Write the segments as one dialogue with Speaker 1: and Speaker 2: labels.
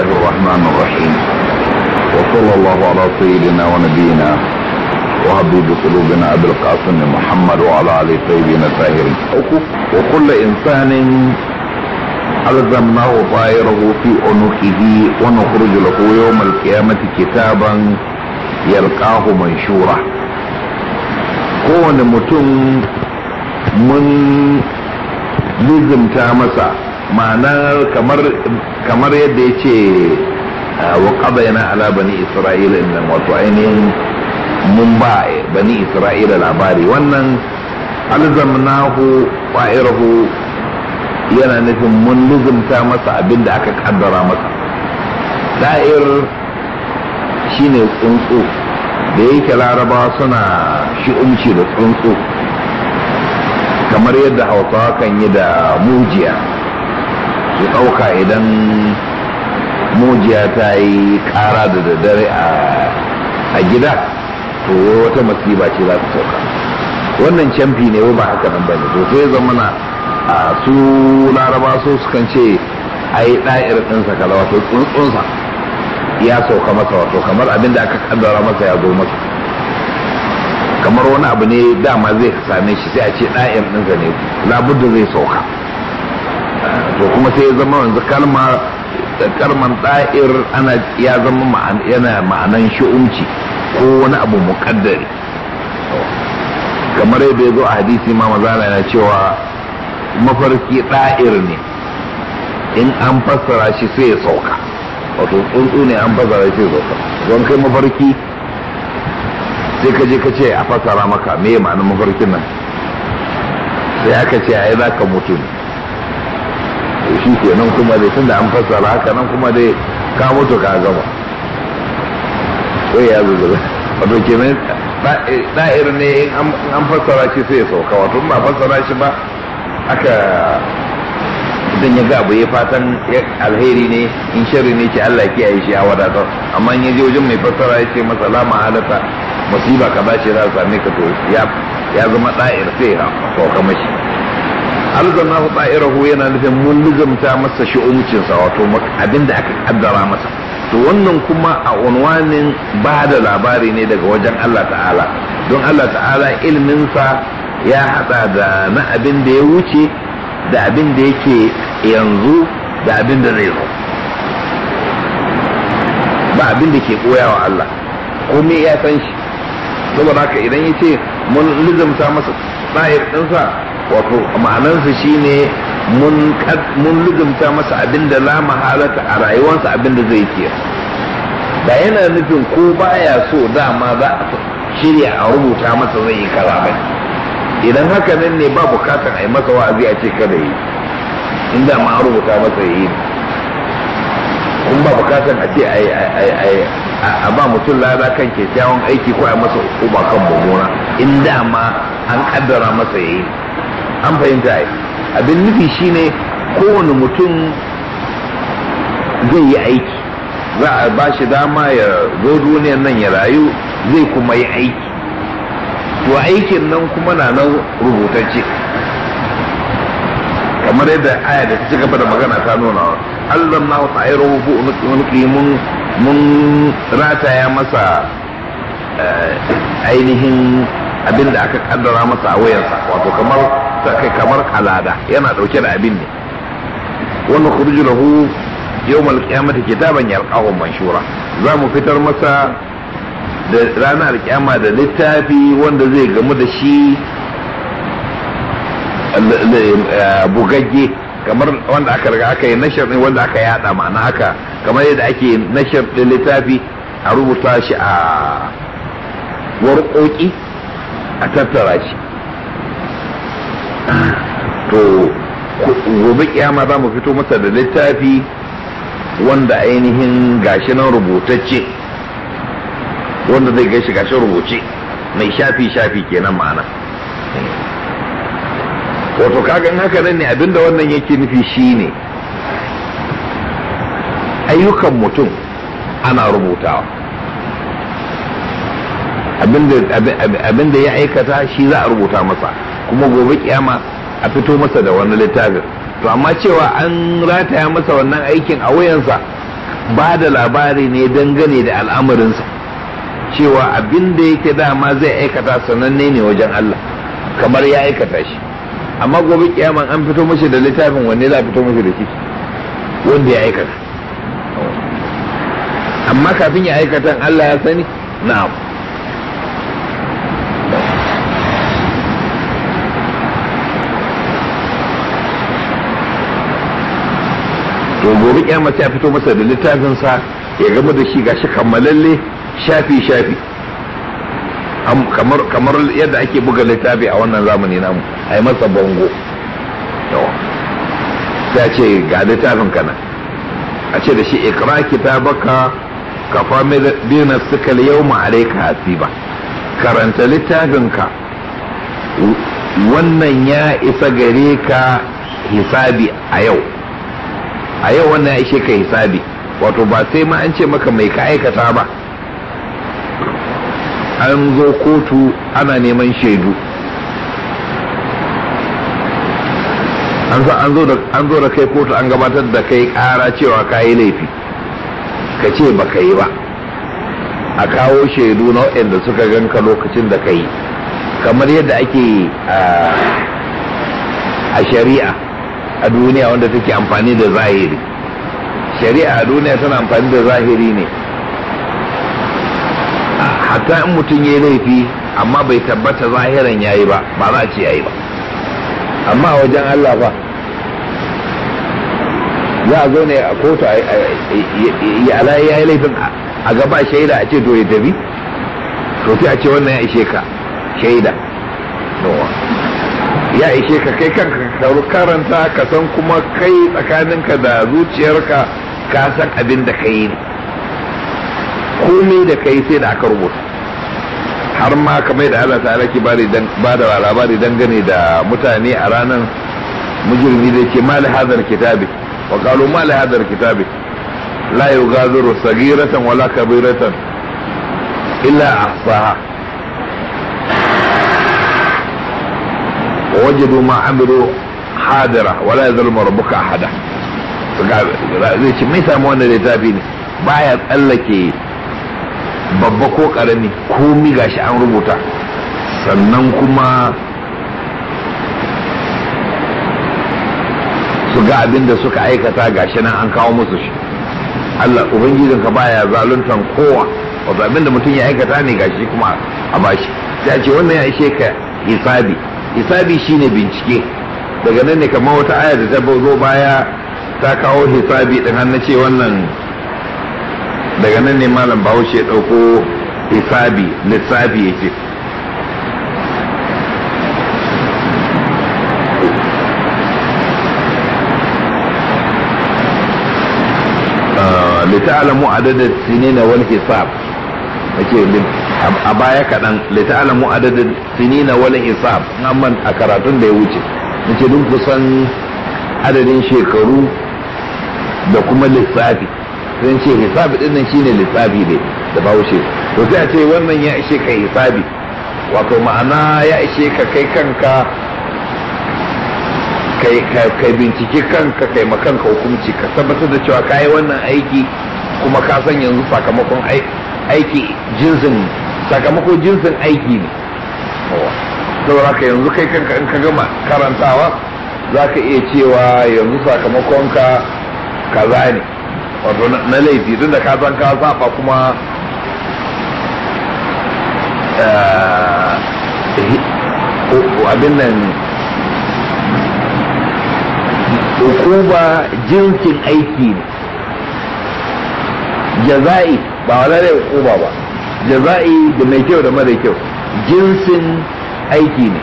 Speaker 1: الله الرحمن الرحيم وصلى الله على سيدنا ونبينا وحبيب قلوبنا ابي القاسم محمد وعلى اله الطيبين الطاهرين وكل انسان الزمناه طائره في عنقه ونخرج له يوم القيامه كتابا يلقاه منشورا كون متم من لزم masa ma'ana kamar yadda ya ce ah, wa yana ala bani isra'ila inda wato ainihin mun ba bani isra'ila labari wannan alzamnahu ƙwa'irahu yana nufin mun luzumta masa abin da aka ƙaddara masa da'ir shine tsuntsu da yake larabawa suna shi'umci da tsuntsu kamar yadda hausawa kan yi da mujiya ki ɗauka idan mujiya ta yi ƙara da daddare a gida to wata masiba ce za ta sauka wannan camfi ne ba haka nan ba to sai zama a su laraba so sukan ce a yi ɗa'ir ɗinsa kaza wato tsuntsunsa ya sauka masa wato kamar abin da aka kaddara masa ya zo masa kamar wani abu ne dama zai same shi sai a ce ɗa'ir ɗinsa ne labudda zai sauka to kuma sai ya zama yanzu kalma kalman da'ir ana ya zama yana ma'anan shuumci ko wani abu muƙaddari kamar yadda ya zo a hadisi ma mazala yana cewa mafarki da'ir ne in an fassara shi sai ya sauka wato tsuntsu ne an fassara shi sai ya sauka don kai mafarki sai ka je ka ce a fassara maka me ma'anin mafarkin nan sai aka ce ai za ka mutu ne Shi shi kenan kuma dai tunda an fassara haka nan kuma dai ka mutu ka gama sai ya zuzuba wato kenan da'ir ne in an fassara shi sai ya sauka wato ba fassara shi ba aka idan ya ga abu ya fatan alheri ne in shari ne ce Allah ke shi a wadatar amma in ya je wajen mai fassara ya ce masa lama halata musiba ka ba shi su sami ka to ya zama da'ir sai ya sauka mashi hu ta'irahu yana nufin mun lizumta masa sa wato abin da aka kaddara masa to wannan kuma a unwanin ba da labari ne daga wajen Allah ta'ala don Allah ta'ala ilminsa ya hada da na abin da ya wuce da abin da yake yanzu da abin da zai zo ba abin da ke koyawa Allah komai ya san shi saboda haka idan ya ce mun lizumta masa tsayar ɗinsa wato ma'anansa shine mun mun lugunta masa abin da la mahalata a rayuwarsa abin da zai ke da yana nufin ko baya so dama za a shirya a rubuta masa zai yi kaza ba idan haka nan ne ba bukatar a yi masa wa'azi a ce kada yi in da ma rubuta masa yi kun ba bukatar a ce a ba mutum lada kan kyakkyawan aiki ko a masa uba kan mummuna in da ma an kaddara masa yi. an fahimta ai abin nufi shine kowane mutum zai yi aiki za a ba shi dama ya zo duniyar nan ya rayu zai kuma yi aiki to aikin nan kuma na nan rubutacce kamar yadda aya da ci gaba da magana ta nuna wa Allah na wata ayar rubu mun mun rataya masa eh, ainihin abin da aka kaddara masa a wayarsa wato kamar ta kai kamar kalada yana dauke da abin ne wannan kurji lahu yawmal ke taban yarqahu manshura za mu fitar masa da ranar kiyama da littafi wanda zai gamu da shi eh, bugagge kamar wanda aka riga aka yi nashar ne wanda aka yada ma'ana haka kamar yadda ake nashar da littafi a rubuta shi a warƙoƙi a tattara shi to gobe kiyama za mu fito masa da littafi wanda ainihin gashi nan rubutacce wanda zai gashi gashi rubuce mai shafi-shafi kenan ma'ana wato kagan haka nan ne abinda wannan yake nufi shi ne. ayyukan mutum ana rubutawa abinda ya aikata shi za a rubuta masa kuma gobe kiyama a fito masa da wani littafin to amma cewa an rataya masa wannan aikin a wuyansa ba da labari ne dangane da al'amarinsa cewa abin da yake dama zai aikata sananne ne wajen Allah kamar ya aikata shi amma gobe kiyaman an fito mashi da littafin wanne za a fito mashi da shi wanda ya aikata amma kafin ya aikata, Allah ya sani na'am to gobe kiyama sai a fito masa da littafin sa ya gama da shi gashi kammalalle shafi shafi kamar kamar yadda ake buga littafi a wannan zamani namu a yi masa bango ta ce ga littafin kana a ce da shi ikra kitabaka da bina suka yau ma'alaika hasiba karanta littafin ka wannan ya isa gare ka hisabi a yau a yau wannan ya ishe ka hisabi wato ba sai ma an ce maka mai ka aikata ba an zo kotu ana neman shaidu an zo da kai kotu an gabatar da kai kara cewa ka yi laifi ka ce ba ka yi ba a kawo shaidu na waɗanda suka ka lokacin da ka yi kamar yadda ake ah, a shari'a a duniya wanda take amfani da zahiri shari'a a duniya tana amfani da zahiri ne hatta in mutum ya laifi amma bai tabbata zahiran ya yi ba ba za a ce ya yi ba amma a wajen Allah ba za a zo ne a kotu ya yi laifin a gaba shaida a ce to ya tafi to sai a ce wannan ya ishe ka shaida ya ishe ka kai kanka ka karanta ka san kuma kai tsakaninka da zuciyarka ka san abin da kai ne komai da kai sai da aka rubuta har ma kamar da Allah ta'ala alaki ba da labari dangane da mutane a ranar mujirmi da ke mali hazar kitabi wa kalu mali hazar kitabi la sagiratan wala kabiratan illa ahsaha wajadu ma Amiru hadira wala ya zalma rabbuka ahada zai ce mai samu wannan littafi ne baya tsallake babba ko karami komi gashi an rubuta sannan kuma su ga abin da suka aikata gashi nan an kawo musu shi Allah ubangijinka baya zaluntan kowa wato abin da mutum ya aikata ne gashi kuma a bashi ya ce wannan ya ishe ka hisabi hisabi shine bincike daga nan ne kamar wata aya da ta zo baya ta kawo hisabi din har ce wannan daga nan ne malam bahaushe ya ɗauko hisabi lissafi ya ce لتعلموا عدد السنين والحساب أكيد a baya kaɗan alamu adadin sinina wal hisab amman a karatun da ya wuce ce duk kusan adadin shekaru da kuma lissafi sun ce hisabi din nan shine lissafi ne da wuce to sai a ce wannan ya ishe ka hisabi wato ma'ana ya ishe ka kai kanka kai binciki kanka kai makanka hukunci ka tabbatar da cewa ka wannan aiki kuma ka san yanzu sakamakon aiki jinsin sakamako jinsin aiki ne saboda ka yanzu kai kanka in ka gama karantawa za ka iya cewa yanzu sakamakonka kaza ne wato na laifi tun da ka san ka saba kuma eh, abin nan hukuma jinsin aiki ne jaza'i ba wani ne hukuma ba jaza'i da mai kyau da mara kyau jinsin aiki ne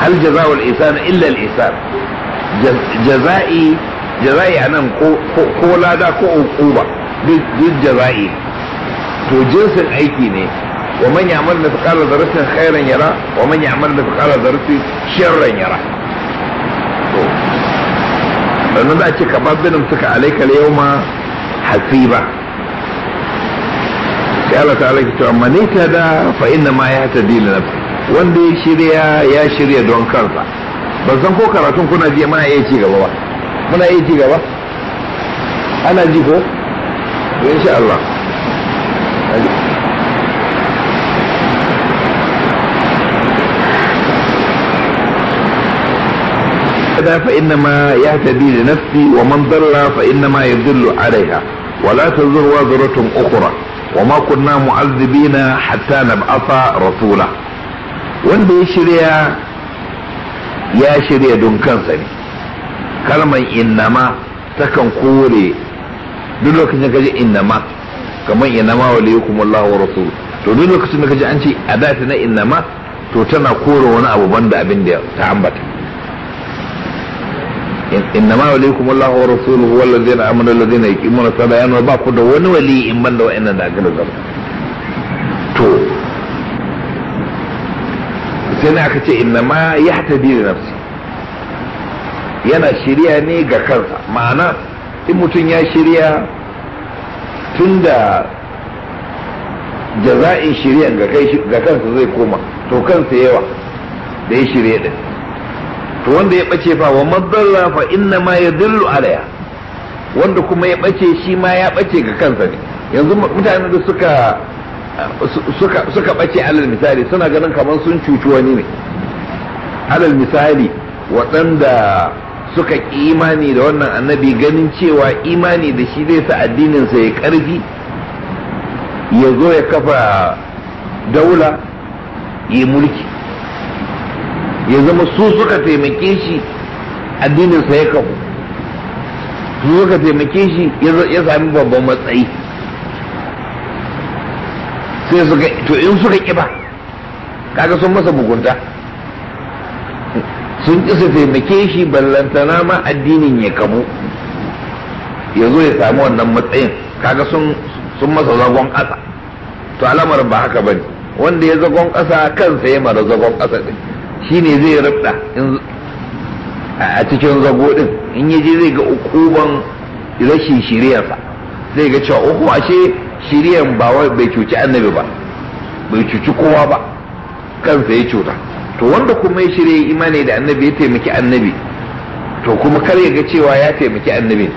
Speaker 1: hal jaza'ul ihsan illa al ihsan jaza'i jaza'i anan ko ko lada ko uquba duk jaza'i to jinsin aiki ne wa man ya'mal mithqala dharratin khairan yara wa man ya'mal mithqala dharratin sharran yara to sannan da ake kaba kamar binin suka alaika yau ma hasiba sai Allah ta alaƙi cewa mani ta da fa inna ma ya ta dina na wanda ya shirya ya shirya don karsa ban san ko karatun kuna ji mana iya ci gaba ba muna iya ci gaba ana ji ko insha Allah fa inna ma ya ta dina nafsi wa man dalla fa inna ma ya dillu alaiha wala ta zurwa zuratun ukura wa ma kunna mu'azzibina hatta nab'atha rasula wanda ya shirya ya shirya don kansa ne kalmar innama takan kore duk lokacin kaje innama kamar innama waliyukum Allah wa rasul to duk lokacin da kaje an ce adati na innama to tana kore wani abu banda abin da ta ambata innama walikum Allahu wa rasuluhu wal ladina amanu wal ladina yuqimuna salata yana ba ku da wani wali in ban da wa'annan da aka zama to sai ne aka ce innama yahtadi li nafsi yana shirya ne ga kansa ma'ana in mutum ya shirya tunda jaza'in shirya ga kansa zai koma to kansa yawa da ya shirya din to wanda ya bace fa wa madalla fa inna ma yadullu alaya wanda kuma ya bace shi ma ya bace ga kansa ne yanzu mutane da suka suka suka bace alal misali suna ganin kamar sun cuci wani ne alal misali waɗanda suka ki imani da wannan annabi ganin cewa imani da shi zai sa addininsa ya ƙarfi ya zo ya kafa daula ya mulki ya zama su suka taimake shi addininsa ya kafu su suka taimake shi ya sami babban matsayi sai suka to in suka kiba kaga sun masa mugunta sun ƙi su taimake shi ballantana ma addinin ya kamu ya zo ya samu wannan matsayin kaga sun masa zagon ƙasa to alamar ba haka bane wanda ya zagon ƙasa kansa ya mara zagon ƙasa ɗin Shi ne zai rabda a cikin zago din in yaje zai ga ukuban rashin shiriyarsa zai ga cewa uku ashe shiriyar ba bai cuci annabi ba bai cuci kowa ba kansa ya cuta to wanda kuma ya shirya imani da annabi ya taimaki annabi to kuma kar ya ga cewa ya taimaki annabi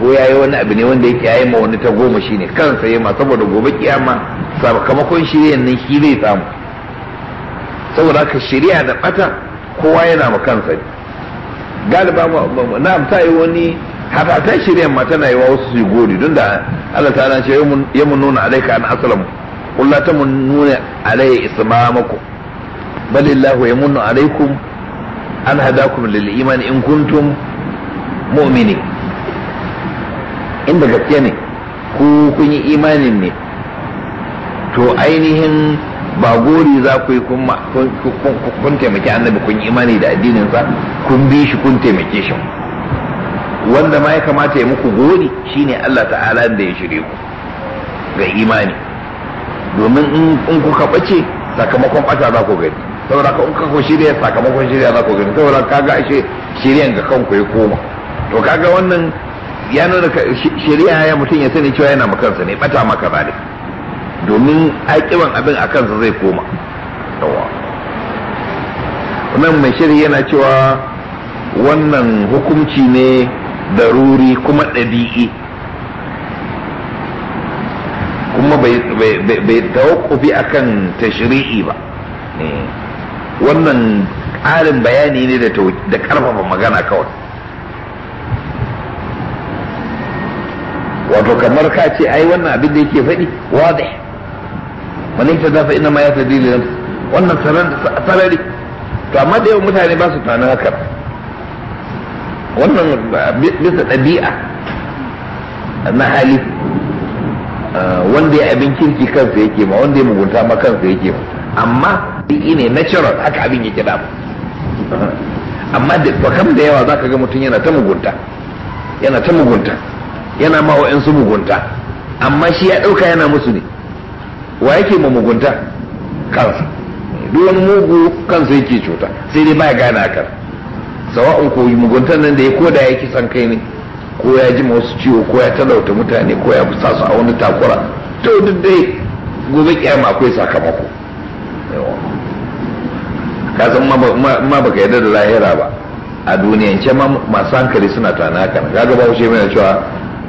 Speaker 1: ko ya yi wani abu ne wanda ya yi ma wani ta goma shi ne kansa ya ma saboda gobe kiyama sakamakon shiryan nan shi zai samu saboda haka shari'a da bata kowa yana ma kansa galiba na amsa yi wani hatatan shari'a ma tana yi wa wasu su gori don da Allah ta'ala ce mun nuna alaika an aslamu ta mun nuna alayya islamakum balillahu ya munnu alaykum an hadakum lil iman in kuntum mu'minin inda gaske ne ku kun yi imanin ne to ainihin ba gori za ku yi kun taimaki annabi kun imani da addininsa kun bi shi kun taimake shi wanda ma ya kamata ya muku gori shine Allah ta'ala da ya shirye ku ga imani domin in kuka bace sakamakon bata za ku gani saboda ka in kuka shirya sakamakon shirya za ku gani saboda kaga ashe shiryan ga kanku ya koma to kaga wannan ya nuna shari'a ya mutum ya sani cewa yana makansa ne bata maka zalika domin aikiwan abin a kansa zai koma nan mai shiri yana cewa wannan hukunci ne daruri kuma ɗabi'i kuma bai tawakufi akan tashri'i ba wannan ƙarin bayani ne da ƙarfafa magana kawai wato kamar ka ce ai wannan abin da yake faɗi wadai manin ta dafa ina ma ya tadi da wannan sarari to amma da yawan mutane ba su tunanin haka wannan bisa ɗabi'a na hali ah, wanda ya abin kirki kansa yake ma wanda ya mugunta ma kansa yake ma amma ɗi ne natural haka abin yake da amma da kam da yawa zaka ga mutum yana ta mugunta yana ta mugunta yana ma wa'ansu mugunta amma shi ya ɗauka yana musu ne wa yake ma mugunta kansa duk wani mugu kansa yake cuta sai dai ba ya gane haka sawa'un ko muguntan nan da ya koda ya kisan kai ne ko ya ji wasu ciwo ko ya talauta mutane ko ya fusa su a wani takura to duk dai gobe kiyama akwai sakamako ka san ma baka yarda da lahira ba a ce ma masu hankali suna tana haka ga gaba wuce mai cewa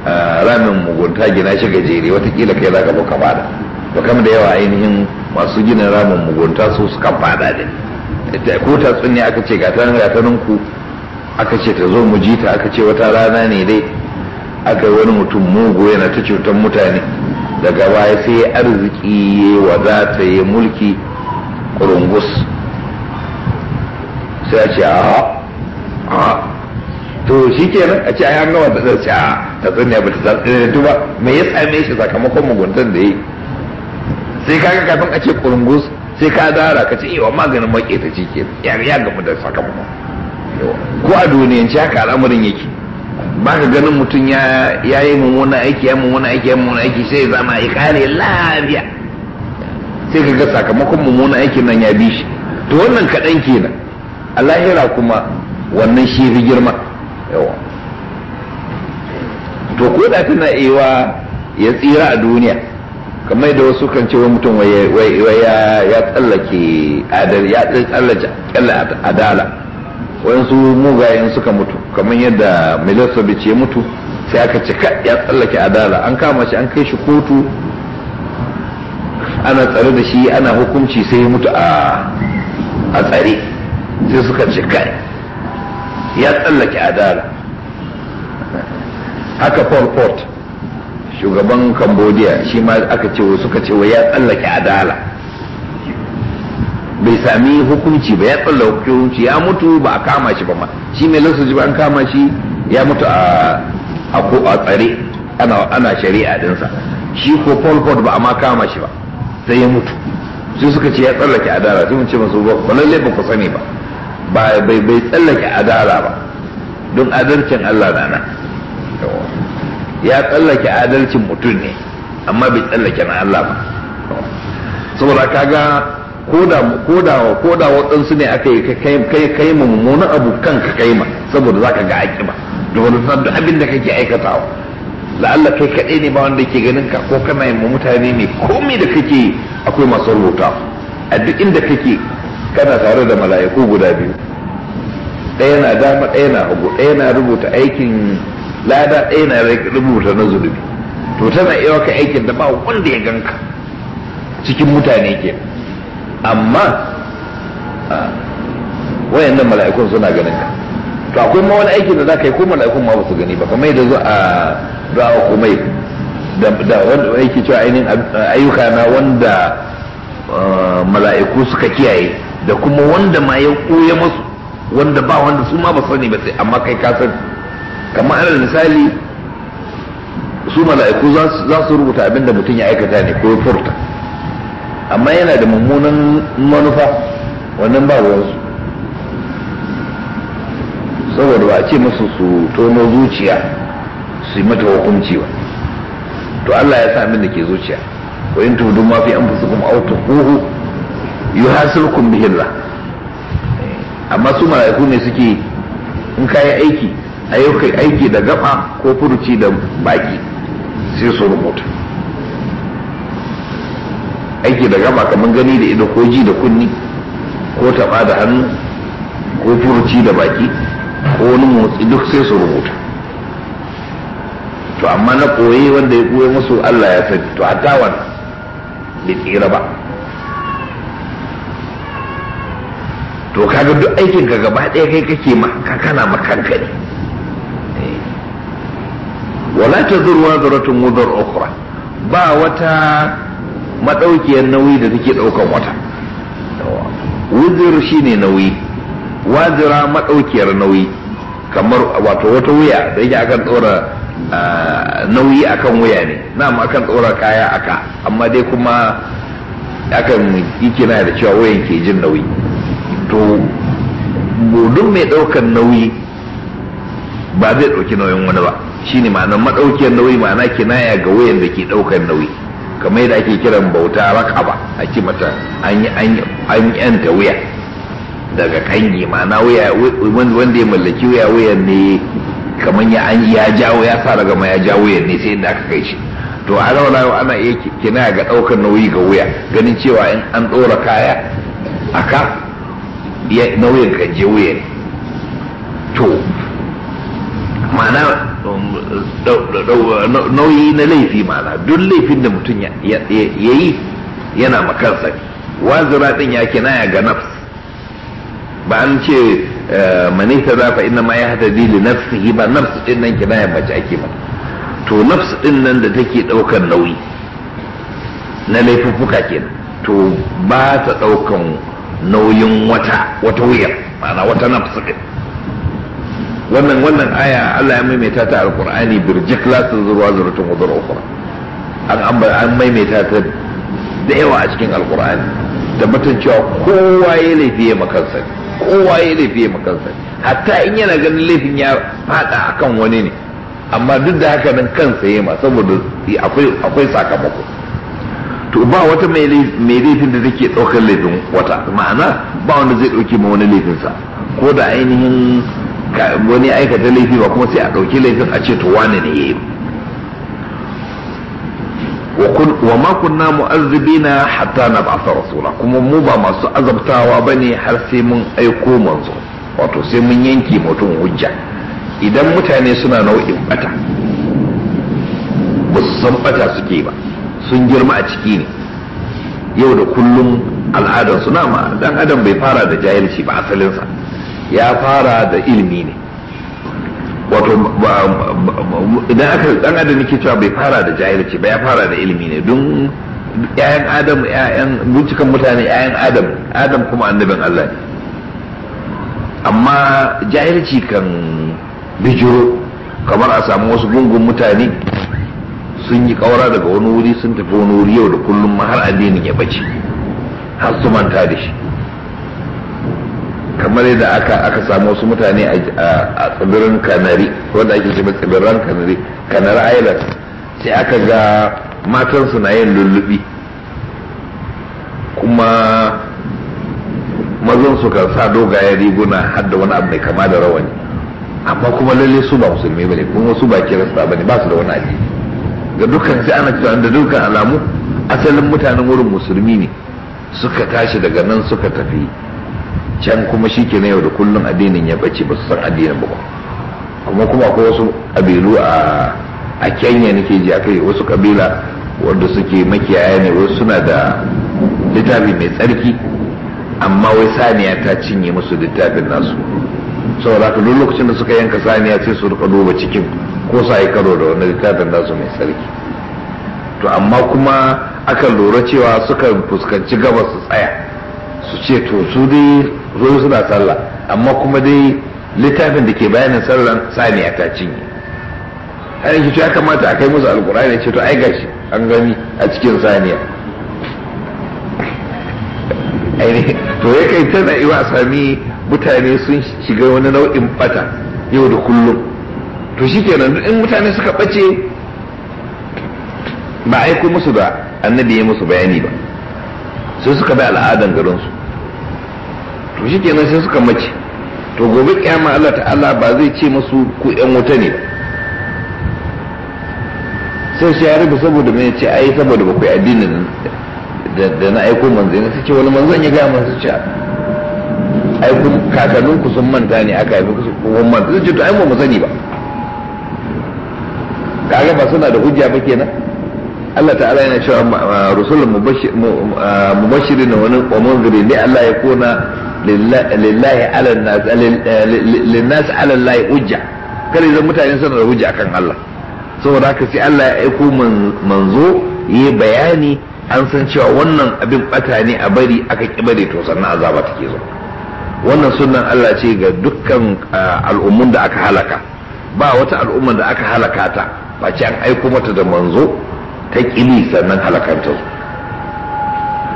Speaker 1: ah, ramin mugunta gina shi gajere watakila kai za ka bada to kama da yawa ainihin masu gina ramin mugunta su suka fada da ko tatsuniya aka ce ga tanan gatanin ku aka ce ta zo mu ji ta aka ce wata rana ne dai aka yi wani mutum mugu yana ta cutar mutane daga baya sai arziki ya wadata ya mulki kurungus sai a ce a a to shi kenan a ce a yi an gama da zarce a tatsuniya ba ta zarce da duba me ya same shi sakamakon muguntan da ya yi sai kaga kafin a ce kurungus sai ka dara ka ce yawa maganin ta cike ya gamu da sakamako ko a duniyance haka al'amarin yake ba ka ganin mutum ya yi mummuna aiki ya mummuna aiki ya mummuna aiki sai zama ya kare lafiya sai ka ga sakamakon mummuna aiki nan ya bi shi to wannan kaɗan kenan a lahira kuma wannan shi fi girma yawa to ko da tana iya ya tsira a duniya kamar da wasu kan ce wa mutum ya tsallake ya adala wayansu mugayen suka mutu kamar yadda milosevic ya mutu sai aka ce ya tsallake adala an kama shi an kai shi kotu ana tsare da shi ana hukunci sai ya mutu a tsare sai suka ce kai ya tsallake adala haka paul port shugaban cambodia shi ma aka ce suka ce wa ya tsallake adala bai sami hukunci ba ya tsallake hukunci ya mutu ba a kama shi ba ma shi mai ji ba an kama shi ya mutu a a tsare ana shari'a dinsa shi ko paul ford ba a ma kama shi ba sai ya mutu sai suka ce ya tsallake adala sai mun ce masu ba lalle ba ku sani ba bai tsallake adala ba don adalcin allah na nan ya tsallake adalcin mutum ne amma bai tsallake na Allah ba saboda kaga koda koda koda waɗansu ne aka yi kai kai mummunan abu kanka kai ma saboda zaka ga akiba da wani sabbin abin da kake aikatawa la'alla kai kaɗai ne ba wanda ke ganin ka ko kana yin mutane ne komai da kake akwai masu rubuta a duk inda kake kana tare da mala'iku guda biyu ɗaya na dama ɗaya na hagu ɗaya na rubuta aikin lada ɗaya na rubuta na zunubi to tana iya ka aikin da ba wanda ya ganka cikin mutane ke amma wayannan mala'ikun suna ganin ka to akwai ma wani aikin da za ka yi ko mala'ikun ma ba su gani ba kamar yadda zo a da'a mai da wanda yake cewa ainihin ayyuka na wanda mala'iku suka kiyaye da kuma wanda ma ya koya masu wanda ba wanda su ma ba sani ba sai amma kai ka sani kamar alal misali su mala'iku za su rubuta abin da mutum ya aikata ne ko ya furta amma yana da mummunan manufa wannan ba ruwansu saboda ba a ce musu su tono zuciya su yi mata hukunci ba to Allah ya sa abin da ke zuciya ko in tudu ma fi kuma aw tuquhu yi bihi kumbihin amma su mala'iku ne suke in kayan aiki a yau kai aiki da gaba ko furuci da baki sai su rubuta aiki da gaba kamar gani da ido ko ji da kunni ko taba da hannu ko furuci da baki ko wani motsi duk sai su rubuta to amma na koyi wanda ya koya musu Allah ya sani to hatta wani bai tsira ba to kaga duk aikin ka gaba ɗaya kai kake ma kana makanka ne wala tazur wazaratun wuzar ukhra ba wata madaukiyar nauyi da take ɗaukan wata wuzir shine nauyi wazira maɗaukiyar nauyi kamar wato wata wuya da yake akan tsora nauyi akan wuya ne na'am akan tsora kaya aka amma dai kuma akan yi kina da cewa wayan ke jin nauyi to duk mai ɗaukan nauyi ba zai ɗauki nauyin wani ba shine ma'anar madaukiyar nauyi ma'ana kinaya ga wayan da ke daukar nauyi kamar yadda ake kiran bauta a ake mata an yi an yanta wuya daga kangi ma'ana wuya wanda ya mallaki wuya wuyan ne kamar ya an ya jawo ya sa daga ma ya jawo wuyan ne sai inda aka kai shi to a rawa ana iya kinaya ga daukar nauyi ga wuya ganin cewa in an dora kaya aka nauyin kan je wuya to ma'ana nauyi na laifi mana duk laifin da mutum ya yi yana makansa wazira din ya kinaya ga nafs ba an ce eh, manita za fa inna ma ya hada li nafsihi ba nafs din nan kinaya bace ake ba to nafs din nan da take ɗaukan nauyi na laifuffuka kenan to ba ta daukan nauyin wata wata wuyar ma'ana wata nafs din wannan wannan aya Allah ya maimaita ta alqur'ani birjik la tanzuru ukhra an an maimaita ta da yawa a cikin alqur'ani tabbatar cewa kowa ya laifi ya makansa kowa ya laifi ya makansa hatta in yana ganin laifin ya fada akan wani ne amma duk da haka nan kansa yema saboda akwai akwai sakamako to ba wata mai laifin da take ɗaukar laifin wata ma'ana ba wanda zai ɗauke ma wani laifinsa ko da ainihin wani aikata laifi ba kuma sai a ɗauki laifin a ce to wani ne yayi wa ma kunna mu'azzibina hatta na ba'atha rasula kuma mu ba masu azabtawa bane har sai mun aiko manzo wato sai mun yanke mutum hujja idan mutane suna nau'in bata ba su san bata suke ba sun girma a ciki ne yau da kullum al'adar na ma dan adam bai fara da jahilci ba asalinsa ya fara da ilimi ne wato idan aka dan adam nake cewa bai fara da jahilci ba ya fara da ilimi ne don ƴaƴan adam ƴaƴan bincikan mutane ƴaƴan adam adam kuma annabin Allah ne amma jahilci kan bijiro kamar a samu wasu gungun mutane sun yi kaura daga wani wuri sun tafi wani wuri yau da kullum har addinin ya bace har su manta da shi kamar yadda aka aka samu wasu mutane a tsibirin kanari wanda ake ce tsibirin kanari kanar island sai aka ga matansu na yin lullubi kuma mazan kan sa dogaya riguna har da wani abu mai kama da rawani amma kuma lalle su ba musulmi bane kuma su ba kirista ne, ba su da wani abu. ga dukkan sai ana cewa da dukkan alamu asalin mutanen wurin musulmi ne suka tashi daga nan suka tafi can kuma shi ke na yau da kullum addinin ya bace ba su san addinin ba kuma kuma akwai wasu kabilu a a kenya nake ji a kai wasu kabila wanda suke makiyaya ne wasu suna da littafi mai tsarki amma wai saniya ta cinye musu littafin nasu saboda haka duk lokacin da suka yanka saniya sai su rika duba cikin ko sa yi karo da wani littafin nasu mai tsarki to amma kuma akan lura cewa sukan fuskanci gabas su tsaya su ce to su dai zo suna sallah amma kuma dai littafin da ke bayanin sallan saniya ta cinye har yake ya kamata a kai musu alkur'ani ce to ai gashi an gani a cikin saniya to ya kai tana iwa sami mutane sun shiga wani nau'in bata yau da kullum to shi shikenan in mutane suka bace ba aiko musu da annabi ya musu bayani ba sai suka bi al'adan garinsu to shi kenan sai suka mace to gobe kiyama Allah ta'ala ba zai ce masu ku yan wuta ne sai shi ya rubu saboda mai ce ai saboda bakwai addinin da na aiko manzo su ce wani manzan ya gaya masu ce ai kakannin ku sun manta ne aka haifi ku kowan manta zai ce to ai mu sani ba kaga ba suna da hujja ba kenan Allah ta'ala yana cewa rusulun ah, mubashirin wa gari ne Allah ya kona lillahi ala nas hujja kada zan mutane suna da hujja akan Allah saboda haka sai Allah ya aiko manzo yi bayani an san cewa wannan abin bata ne a bari aka ki bari to sannan azaba take zo wannan sunan Allah ce ga dukkan al'ummun da aka halaka ba wata al'ummar da aka halaka ta face an aiko mata da manzo ta kili sannan halakantar. su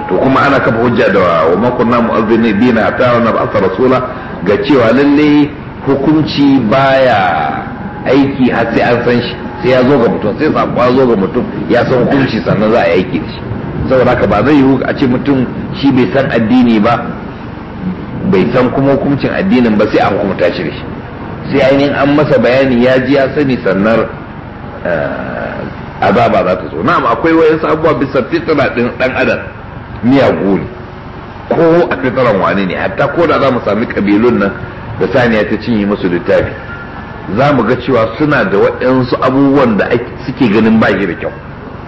Speaker 1: to kuma ana kafa hujja da wa makunna mu'azzini dina ta na ba'sa rasula ga cewa lalle hukunci baya aiki har sai an san shi sai ya zo ga mutum sai sako zo ga mutum ya san hukunci sannan za a yi aiki da shi saboda haka ba zai yiwu a ce mutum shi bai san addini ba bai san kuma hukuncin addinin ba sai an kuma shi da shi sai ainihin an masa bayani ya ji ya sani sannan eh, azaba za ta zo na'am akwai wayansu abubuwa bisa fitra ɗan dan adam miya ne ko a fitaran wane ne hatta ko da za mu sami kabilun nan da saniya ta cinye musu littafi za mu ga cewa suna da waɗansu abubuwan da suke ganin baki da kyau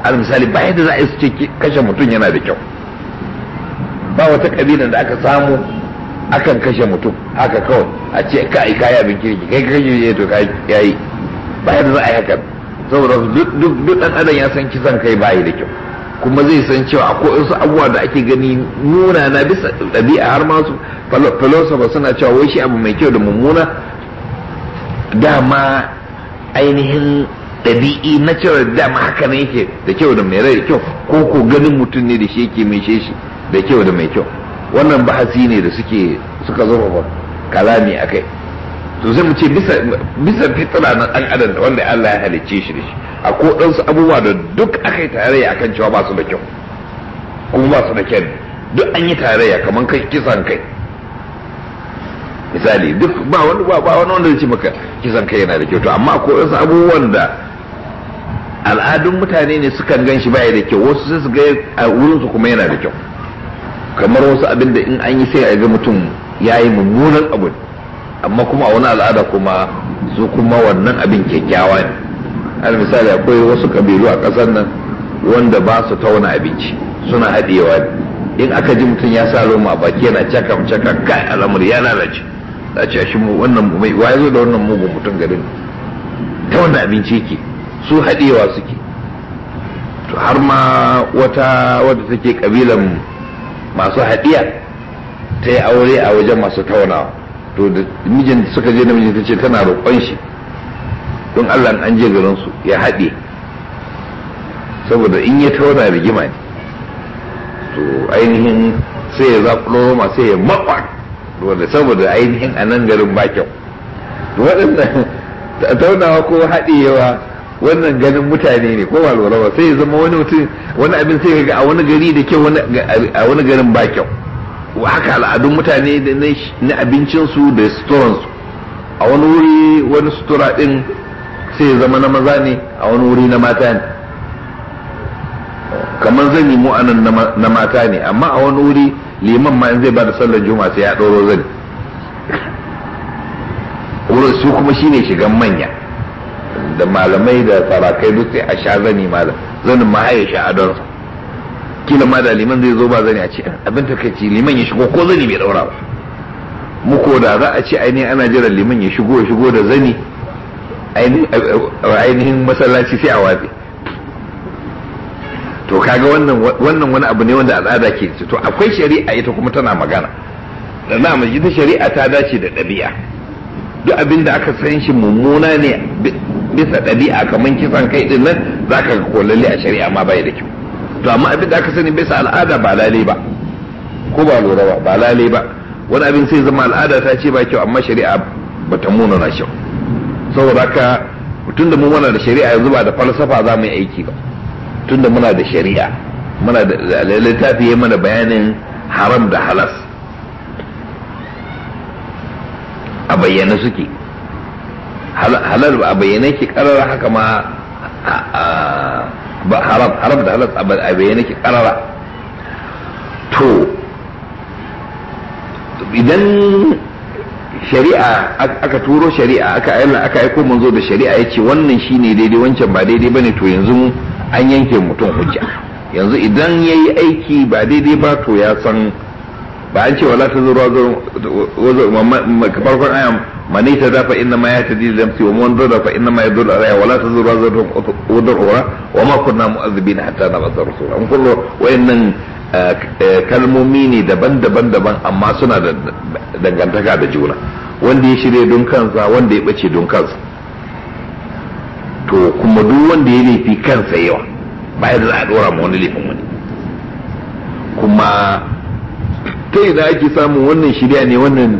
Speaker 1: al misali ba yadda za a yi su kashe mutum yana da kyau ba wata kabilan da aka samu akan kashe mutum haka kawai a ce ka yi kaya bin kirki kai kashe eh to ya yi ba yadda za a yi haka saboda duk ɗan adam ya san kisan kai ba yi da kyau kuma zai san cewa akwai wasu abubuwa da ake gani nuna na bisa ɗabi'a har ma su filosofa suna cewa wai shi abu mai kyau da mummuna dama ainihin ɗabi'i na cewa dama haka ne yake da kyau da mai rai da kyau ko ko ganin mutum ne da shi yake mai shi da kyau da mai kyau wannan bahasi ne da suke suka zurfafa kalami a kai. to zai mu ce bisa bisa fitra na dan adam wanda Allah ya halicce shi da shi a dan ɗansu abubuwa da duk aka yi tarayya akan cewa ba su da kyau kuma ba su da kyau duk an yi tarayya kamar kai kisan kai misali duk ba wani ba ba wani wanda zai ce maka kisan kai yana da kyau to amma ko su abubuwan da al'adun mutane ne sukan gan shi baya da kyau wasu su ga a wurin su kuma yana da kyau kamar wasu abin da in an yi sai a ga mutum yayi mummunan abu amma kuma a wani al'ada kuma su kuma wannan abin kyakkyawa ne Har misali akwai wasu kabilu a ƙasar nan wanda ba su tauna abinci suna haɗewa ne in aka ji mutum ya sa loma a baki yana cakam cakam kai al'amari ya lalace a ce shi mu wannan mai wa zo da wannan mugun mutum garin wani abinci yake su haɗewa suke to har ma wata wadda take kabilan masu haɗiya ta yi aure a wajen masu taunawa to da mijin suka je da mijin ta ce tana roƙon shi don Allah an je garin su ya haɗe saboda in ya tauna rigima ne to ainihin sai ya zaɓo ma sai ya maɓa wanda saboda ainihin a nan garin ba kyau waɗannan taunawa ko haɗewa wannan ganin mutane ne ko ba lura ba sai ya zama wani mutum wani abin sai ga a wani gari da kyau a wani garin ba kyau haka al'adun mutane da na abincinsu da su, a wani wuri wani sutura din sai zama na maza ne a wani wuri na mata ne kamar zan yi mu'anan na mata ne amma a wani wuri liman ma in zai ba da sallar juma'a sai ya ɗoro zani wurin su kuma shine shigan manya da malamai da sarakai duk sai a sha zani malam zanin ma ya sha adonsa kila ma da liman zai zo ba zani a ce ah, abin takaici liman ya shigo ko zani bai daura ba muko da za a ce ainihin ana jiran liman ya shigo ya shigo da zani ainihin masallaci sai a wabe to kaga wannan wannan wani abu ne wanda al'ada ke ce to akwai shari'a ita kuma tana magana da na ita shari'a ta dace da ɗabi'a duk abin da aka san shi mummuna ne bisa ɗabi'a kamar kisan kai din nan zaka ga ko lalle a shari'a ma bai da kyau to amma abin da aka sani bisa al'ada ba lalai ba ko ba lura ba ba lalai ba wani abin sai zama al'ada ta ce ba kyau amma shari'a ba ta muna na kyau saboda haka da mu muna da shari'a yanzu ba da falsafa za mu yi aiki ba tun da muna da shari'a muna da littafi ya mana bayanin haram da halas a bayyane suke halal ba a bayyane ki karar haka ma ba haram haram da halas a bayyana ke karara to idan shari'a aka turo shari'a aka ayyana aka aiko manzo da shari'a yace wannan shine daidai wancan ba daidai bane to yanzu an yanke mutum hujja yanzu idan yayi aiki ba daidai ba to ya san ba an ce wala ta zuru wazo farkon ayan mani ta dafa inna ma ya ta ji zamsi wa man dafa inna ma ya dole raya wala ta zuru wazo wadar ora wa ma kunna mu'azzibin hatta na basar rasula an kullu wayannan eh, eh, kalmomi ne daban-daban daban amma suna da dangantaka da juna wanda ya shirya don kansa wanda ya bace don kansa to kuma duk wanda ya laifi kansa yawa ba da za a dora ma wani laifin wani kuma ta ina ake samun wannan shirya ne wannan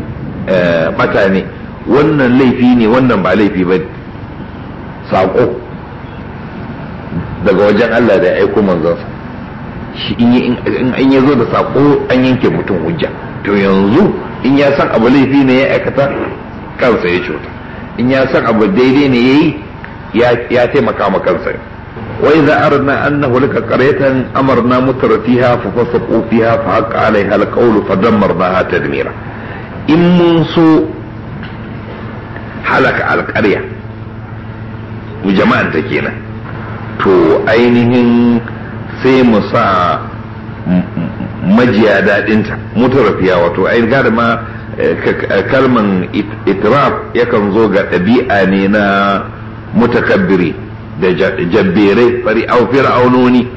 Speaker 1: bata eh, ne wannan laifi ne wannan ba laifi ba saƙo daga wajen Allah da ya aiko manzansa shi in an ya zo da saƙo an yanke mutum hujja to yanzu in ya san abu laifi ne ya aikata kansa ya cuta in ya san abu daidai ne ya yi ya taimaka ma kansa وإذا أردنا أن نهلك قرية أمرنا متر فيها ففسقوا فيها فحق عليها القول فدمرناها تدميرا إن منسو halaka alƙarya jama'an ta kenan to ainihin sai mu sa majiya daɗinta mutarafiya wato ainihin gada kalman itiraf yakan zo ga ɗabi'a ne na mutakabbiri da jabberai au fir'aunoni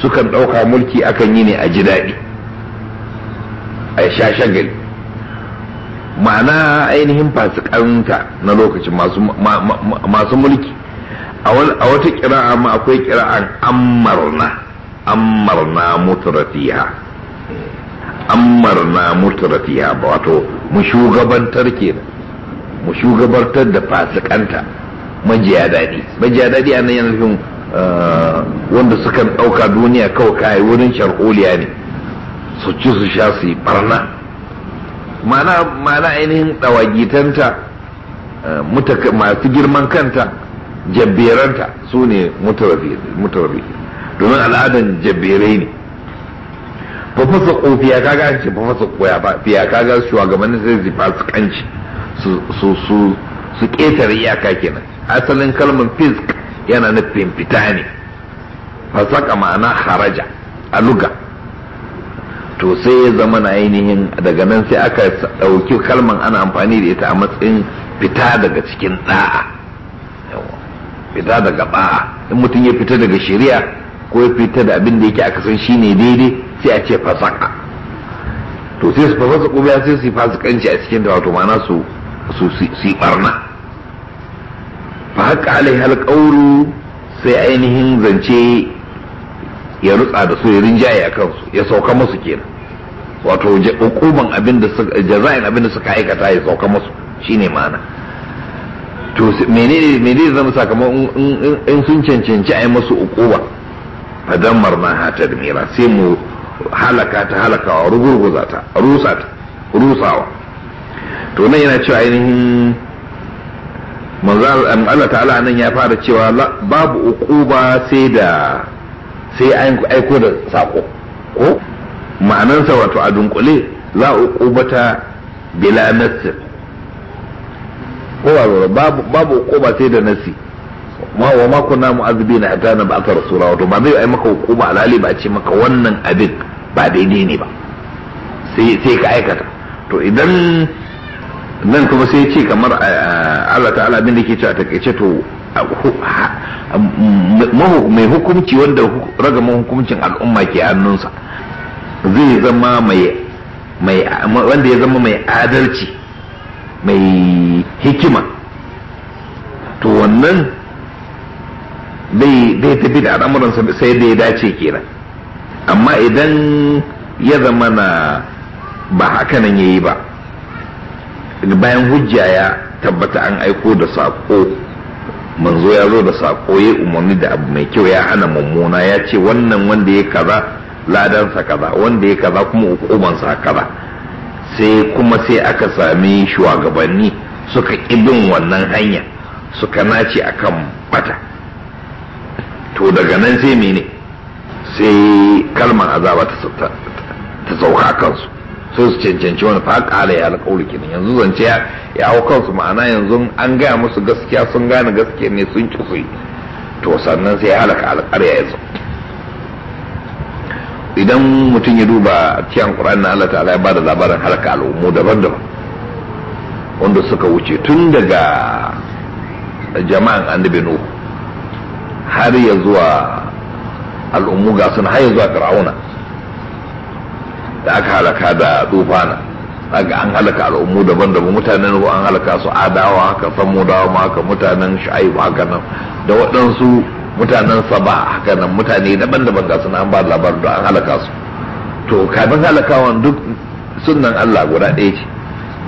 Speaker 1: sukan ɗauka mulki akan yi ne a ji daɗi a sha shagali ma'ana ainihin fasikanta na lokacin masu mulki a wata kira'a ma akwai kira'an ammarna ammarna mutarafiya ammarna mutarafiya wato mu shugabantar kenan mu shugabantar da fasikanta majiya daɗi majiya daɗi a nan yana nufin uh, wanda suka ɗauka duniya kawai kayi wurin sharholiya ne su ci su sha su yi barna mana ainihin ɗawagitanta uh, masu girman kanta jabberanta su ne mutarabi domin al'adan jabberai ne fafasa kofiya kaga an ce fafasa koya ba fiya kaga shugabannin sai su fasikanci su su ƙetare iyaka kenan asalin kalmar fisk yana nufin fita ne fasaka ma'ana haraja a luga to sai ya zama na ainihin daga nan sai aka ɗauki kalman ana amfani da ita a matsayin fita daga cikin ɗa'a fita daga ɗa'a. in mutum ya fita daga shari'a ko ya fita da abin da yake aka san ne daidai sai a ce fasaka to sai su fasaka ko sai su yi fasikanci a cikin da wato ma'ana su yi barna fa haka alaihi alƙauru sai ainihin zance ya rutsa da su ya rinjaye a kansu ya sauka musu kenan wato hukuman abin da suka jaza'in abin da suka aikata ya sauka musu shine ma'ana to menene menene zama sakamakon in sun cancanci ai musu hukuma fadan marna ha tadmira sai mu halaka ta halakawa rugurguza ta rusa rusawa to nan yana cewa ainihin Allah ta'ala nan ya fara cewa babu uquba sai da sai an aiko da sako ko ma'anansa wato a dunkule za a uqubata bila nassi ko babu babu uquba sai da nassi ma wa ma kunna mu'azzibina hatta ba aka rasula wato ba zai ai maka hukuma alali ba ce maka wannan abin ba daidai ne ba sai sai ka aikata to idan nan kuma sai ce kamar eh, Allah ta'ala abin da ke a takaice to mai hukunci wanda raga hukuncin al'umma ke hannunsa zai zama mai wanda ya zama mai adalci mai hikima to wannan bai tafi da al'amuransa sai da ya dace kenan amma idan ya zama na ba haka nan ya yi ba Daga bayan hujja ya tabbata an aiko da saƙo manzo ya zo da saƙo ya umarni da abu mai kyau ya hana mummuna ya ce wannan wanda ya kaza ladansa kaza wanda ya kaza kuma hukumansa kaza sai kuma sai aka sami shugabanni suka ibin wannan hanya suka nace akan bata to daga nan sai mene sai kalmar azaba ta sauka kansu so su cancanci wani fa kala ya alƙawli kenan yanzu zance ya hau kansu ma'ana yanzu an gaya musu gaskiya sun gane gaskiya ne sun ci su to sannan sai ya halaka alƙarya yanzu idan mutum ya duba cikin ƙur'an na Allah ta'ala ya bada labarin halaka al'ummu daban-daban wanda suka wuce tun daga jama'an annabi nuhu har ya zuwa al'ummu ga sun har ya zuwa fir'auna da aka halaka da tufana daga an halaka al'ummu daban-daban mutanen ruwa an halaka su adawa haka samudawa ma haka mutanen shu'aibu haka nan da waɗansu mutanen saba haka nan mutane daban-daban ga suna an ba labarin da an halaka su to kafin halakawan duk sunan Allah guda ɗaya ce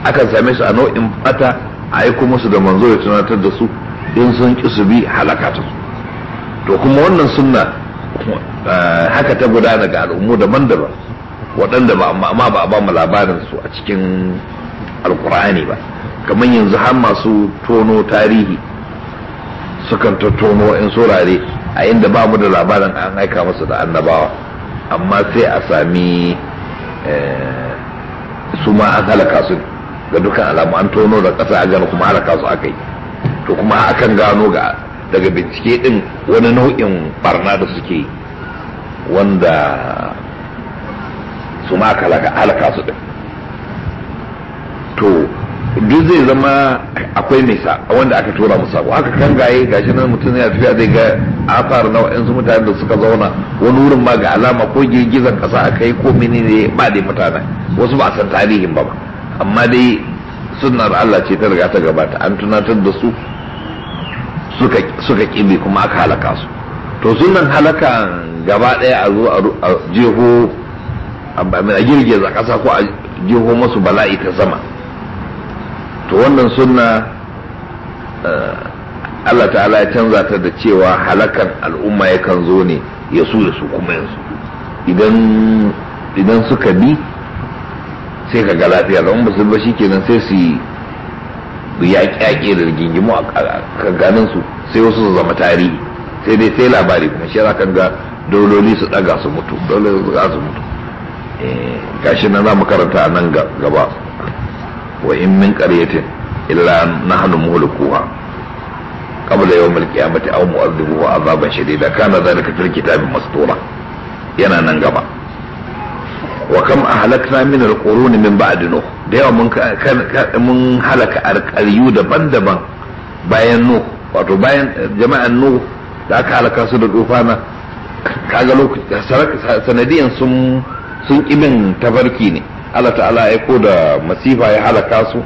Speaker 1: akan same su a nau'in bata a aiko musu da manzo ya tunatar da su in sun ƙi su bi halaka ta su to kuma wannan sunna eh, haka ta gudana ga al'ummu daban-daban waɗanda ba amma ba a ba mu labarin su a cikin alkur'ani ba kamar yanzu har masu tono tarihi sukan tono in saurare a inda ba mu da labarin an aika masa da annabawa amma sai a sami eh, su ma an halaka su ga dukkan alamu an tono da ƙasa a gano kuma halaka su aka yi to kuma a kan gano ga daga bincike din wani nau'in barna da suke wanda su ma halaka su din to duk zai zama akwai nisa wanda aka tura mu sako aka kangaye gashi nan mutum ya tafiya zai ga fara na wa'yansu mutane da suka zauna wani wurin ma ga alama ko girgizar kasa a kai ko ne ba dai mutane wasu ba san tarihin ba amma dai sunnar Allah ce ta riga ta gabata an tunatar da su suka suka kibi kuma aka halaka su to sunan halaka gaba ɗaya a zo a jeho a za ƙasa ko a jiho masu bala'i ta sama to wannan sunna eh, Allah ta'ala ya canza ta da cewa halakan al'umma yakan zo ne ya su da su kuma yanzu idan suka bi sai ka ga lafiya da ba su ba shi kenan sai su yi yaƙi da rigingimu a ganin su sai wasu su zama tarihi sai dai sai labari kuma shi kan ga dololi su ɗaga su mutu dauloli su ɗaga su mutu Eh, gashi na za mu karanta nan gaba wa in min qaryatin illa nahnu muhlikuha qabla yawm al-qiyamati aw mu'adhibuha azaban shadida kana dhalika fil kitabi mastura yana nan gaba wa kam ahlakna min al-qurun min ba'd nuh da yawa mun mun halaka alqaryu daban-daban bayan nuh wato bayan jama'an nuh da aka halaka su da tufana kaga lokacin sanadiyan sun sun ƙimin tabarki ne Allah ta'ala ya ko da masifa ya halaka su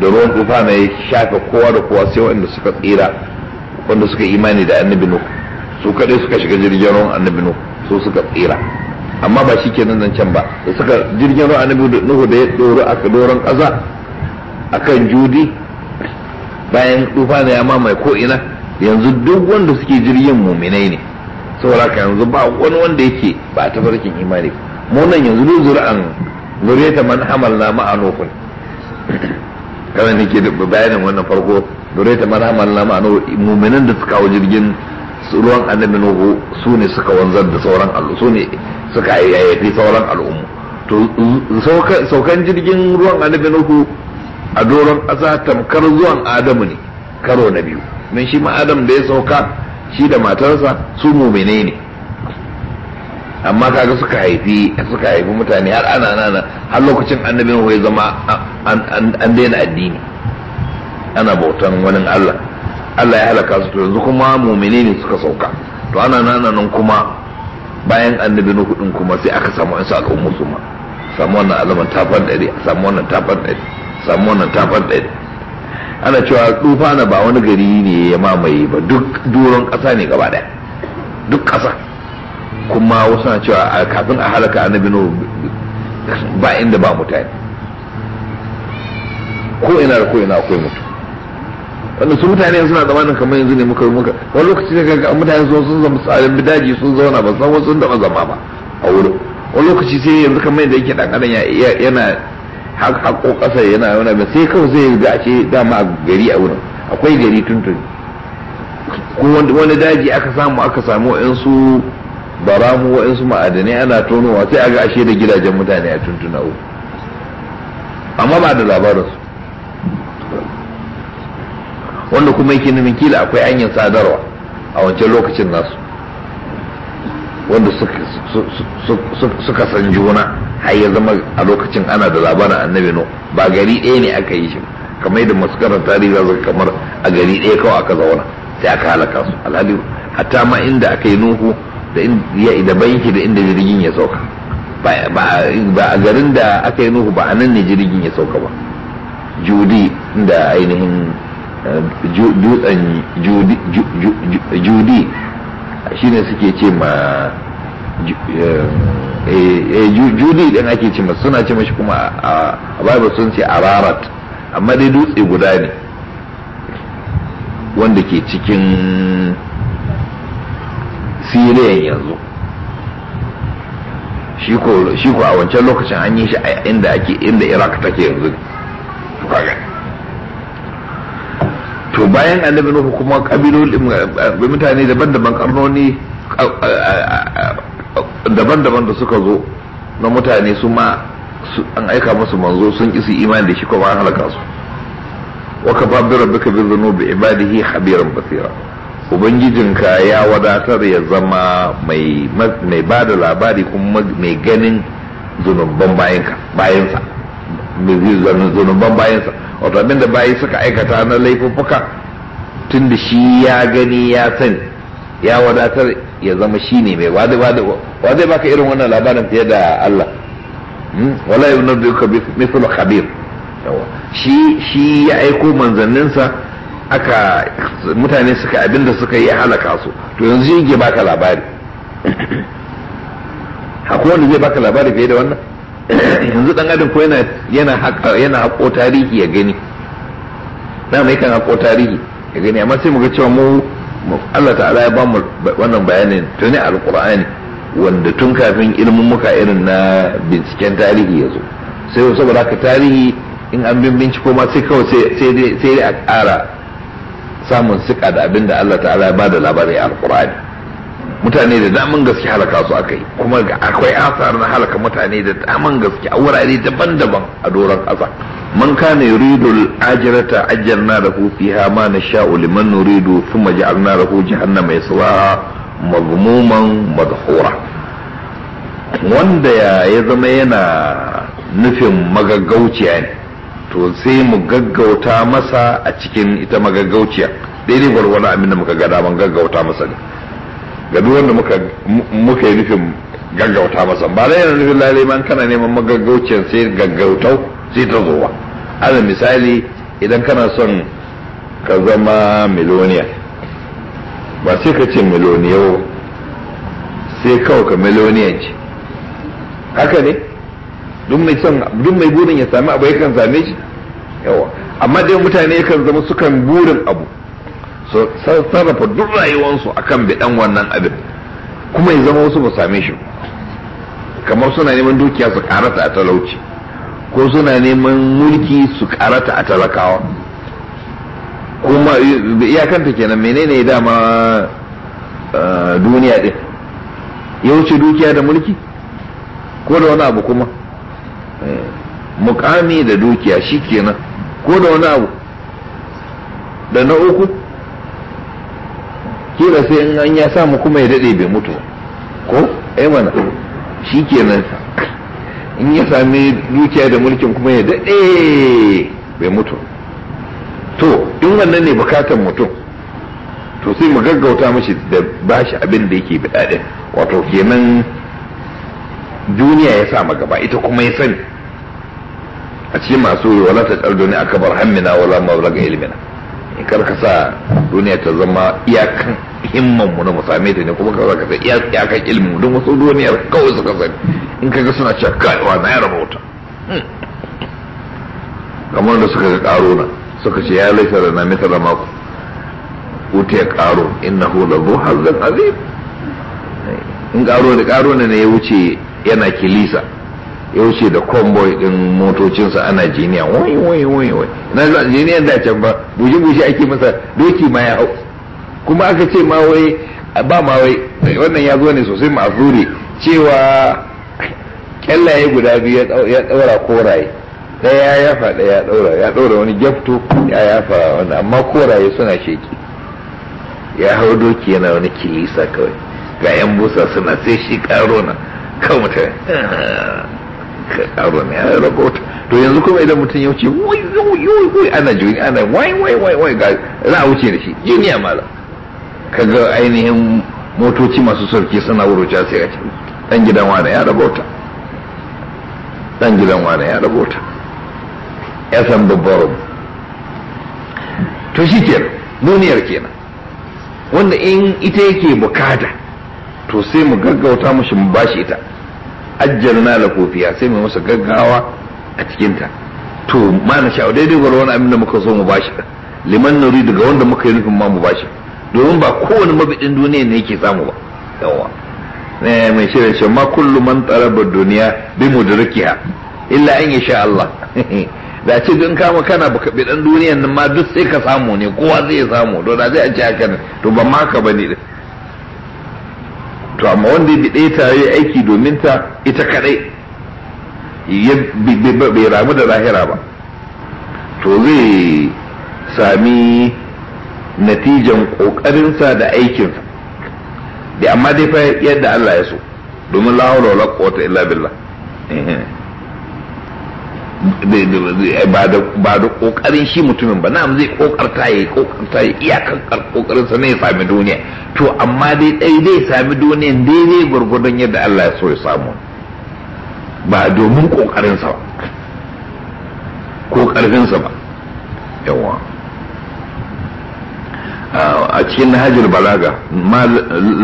Speaker 1: da ruwan tufa na ya shafe kowa da kowa sai wanda suka tsira wanda suka imani da annabi nuh su kadai suka shiga jirgin ruwan annabi nuh su suka tsira amma ba shi ke nan can ba da suka jirgin ruwan annabi nuh da ya doro a doron ƙasa kan judi bayan tufa na ya mamaye ko ina yanzu duk wanda suke jirgin muminai ne saboda ka yanzu ba wani wanda yake ba ta farkin imani mu nan yanzu duk zuri'an zuriyata man na ma'a nufin kana nake da bayanin wannan farko zuriyata man hamal na nufin mu'minin da suka hau jirgin ruwan annabi nuhu su ne suka wanzar da sauran al'umma. su ne suka yayyafi sauran al'umma. to saukan jirgin ruwan annabi nuhu a doron ƙasa tamkar zuwan adamu ne karo na biyu min shi ma adam da ya sauka shi da matarsa su mumine ne amma kaga suka haifi suka haifi mutane har ana nana har lokacin annabin ya zama an daina addini ana bautan wani Allah Allah ya halaka su to yanzu kuma mumine ne suka sauka to ana nana nan kuma bayan annabi hudun kuma sai aka samu an sa al'ummu su ma samu wannan alaman tafar dare samu wannan tafar dare samu wannan tafar dare ana cewa tufana ba wani gari ne ya mamaye ba duk duron ƙasa ne gaba ɗaya duk ƙasa kuma wasu na cewa kafin a halaka annabi nuhu ba inda ba mutane ko ina da ko ina akwai mutu wanda su mutane suna zamanin kamar yanzu ne muka muka wani lokaci ne ga mutane sun sun zama tsarin daji sun zauna ba san wasu sun zama zama ba a wurin wani lokaci sai yanzu kamar yadda yake dan adam yana haƙo kasa yana yana ba sai kawai zai ga ce dama a gari a wurin akwai gari tuntun ko wani daji aka samu aka samu yansu baramu su ma'adanai ana tonowa sai a ga ashe da gidajen mutane a tuntuna uku amma ba da labarinsu wanda kuma yake nufin kila akwai hanyar sadarwa a wancan lokacin nasu wanda suka san juna har ya zama a lokacin ana da labarin annabi no ba gari ɗaya ne aka yi shi kamar yadda masu karanta riga zai kamar a gari ɗaya kawai aka zauna sai aka halaka su alhali hatta ma inda aka yi nuhu da banki da inda jirgin ya sauka ba a garin da aka yi nuhu ba a nan ne jirgin ya sauka ba judi inda ainihin eh, dutsen judi shi ne suke ce ma eh, eh, eh, judi din ake ce ma suna ce mashi kuma a bible sun ce ararat amma dai dutse guda ne wanda ke cikin siriyan yanzu shi ko a wancan lokacin an yi shi inda ake inda iraq take yanzu to bayan annabi nuhu kuma kabiloli eh, eh, mutane daban-daban karnoni eh, daban-daban da suka zo na mutane su ma an aika musu manzo sun isi imani da shi kuma an halaka su wa kafa bi rabbika bi dhunubi ibadihi khabiran basira ubangijinka ya wadatar ya zama mai mai bada labari kuma mai ganin zunuban bayansa da zunuban bayansa wato abinda bayi suka aikata na laifuffuka tun da shi ya gani ya sani ya wadatar ya zama shi ne mai wadai baka irin wannan labarin fiye da Allah hmm? wala yi wani duka misal khabir shi ya aiko manzanninsa aka mutane suka abinda suka yi halaka su to yanzu yake baka labari akwai wanda zai baka labari fiye da wannan yanzu dan adam ko yana yana haƙa yana haƙo tarihi ya gani na mai kan haƙo tarihi ya gani amma sai mu ga cewa mu Allah ta'ala ya ba mu wannan bayanin tuni alqur'ani wanda tun kafin ilimin muka irin na binciken tarihi yazo zo sai saboda haka tarihi in an bin binciko ma sai kawai sai dai a ƙara samun siƙa da abin da Allah ta'ala ya ba da labarin alqur'ani mutane da daman gaske halaka su aka yi kuma akwai asar na halaka mutane da daman gaske a wurare daban-daban a doron ƙasa man kana yuridu al-ajrata ajjalna lahu fiha ma nasha'u liman nuridu thumma ja'alna lahu jahannama yasla mazmuman madhura wanda ya zama yana nufin magaggauciya ne to sai mu gaggauta masa a cikin ita magaggauciya daidai gwargwado amina muka ga daman gaggauta masa ne ga duk wanda muka muka yi nufin gaggauta masa ba da yana nufin lalai man kana neman magaggaucin sai gaggautau sai ta zo ba ana misali idan kana son ka zama miloniya ba sai ka ce miloniyau sai kawai ka ce haka ne duk mai son duk mai burin ya sami abu yakan same shi yawa amma dai mutane yakan zama sukan burin abu sarrafa duk rayuwarsu akan bidan wannan abin kuma ya zama wasu ba same shi kamar suna neman dukiya su karata a talauci ko suna neman mulki su karata a talakawa kuma iyakanta kenan menene ya dama eh, duniya din ya wuce dukiya da mulki ko da wani abu kuma eh, mukami da dukiya shi kenan ko da wani abu da na uku tura sai in an ya samu kuma ya daɗe bai mutu ko ai eh mana shi kenan in ya sami dukiya da mulkin kuma ya daɗe bai mutu to in wannan ne bukatan mutum to sai mu gaggauta mashi da bashi abin da yake bida wato kenan duniya ya sa gaba ita kuma ya sani a cikin masu wala ta doni a kabar hammina wala mablaga ilmina kar ka sa duniya ta zama iyakan himman mu na mu same ta ne kuma ka ka sa iyakan ilmu don wasu duniyar kawai suka sani in ka ga suna cewa kai wa na ya bauta hmm. kamar da suka ga karo na suka ce ya laifa da na mita da mako wuta ya karo innahu la zu zan azim in karo da karo ne ya wuce yana kilisa ya wuce da convoy din motocinsa ana jiniya wai wai wai wai na zuwa jiniyan da can ba buji buji ake masa doki ma ya hau kuma aka ce ma wai ba ma wai wannan ya zo ne sosai ma azuri cewa kyallaye guda biyu ya daura koraye daya ya yafa daya ya daura ya daura wani gyafto ya yafa wannan amma koraye suna sheki ya hau doki yana wani kilisa kawai ga yan busa suna sai shi karo na kan mutane karo ne ya rakota to yanzu kuma idan mutum ya wuce wai wai wai ana jini ana wai wai wai wai ga za a wuce da shi jiniya mala kaga ainihin motoci masu sauki suna wuruce sai a can. dan gidan wane ya rabota dan gidan wane ya rabota ya san babbar to shi kenan duniyar kenan wanda in ita yake bukata to sai mu gaggauta mushi mu bashi ita ajjalna lahu kofiya sai mu masa gaggawa a cikin ta to ma na sha daidai wani abin da muka so mu bashi liman nuri daga wanda muka yi nufin ma mu bashi domin ba kowane mabidin duniya ne yake samu ba yawa ne eh, mai shirya ce ma kullu man taraba duniya bi mudrikiha illa an yasha Allah da ce don kama kana baka bidan duniyan nan ma duk sai ka samu ne kowa zai samu to da zai a ci hakan to ba ma ka bane to amma wanda ya biɗe ta yi aiki domin ta ita kadai bai ramu da lahira ba to zai sami natijan ƙoƙarinsa da aikinsa da amma dai fa yadda Allah ya so domin la hawla wala quwwata illa billah ba da kokarin shi mutumin ba na'am zai kokarta ya kokarta ya iyakan kokarin sa ne ya sami duniya to amma dai dai dai sami duniyan daidai gurgurdan yadda Allah ya so ya samu ba domin kokarin sa ko karfin sa ba yawa a cikin hajjar balaga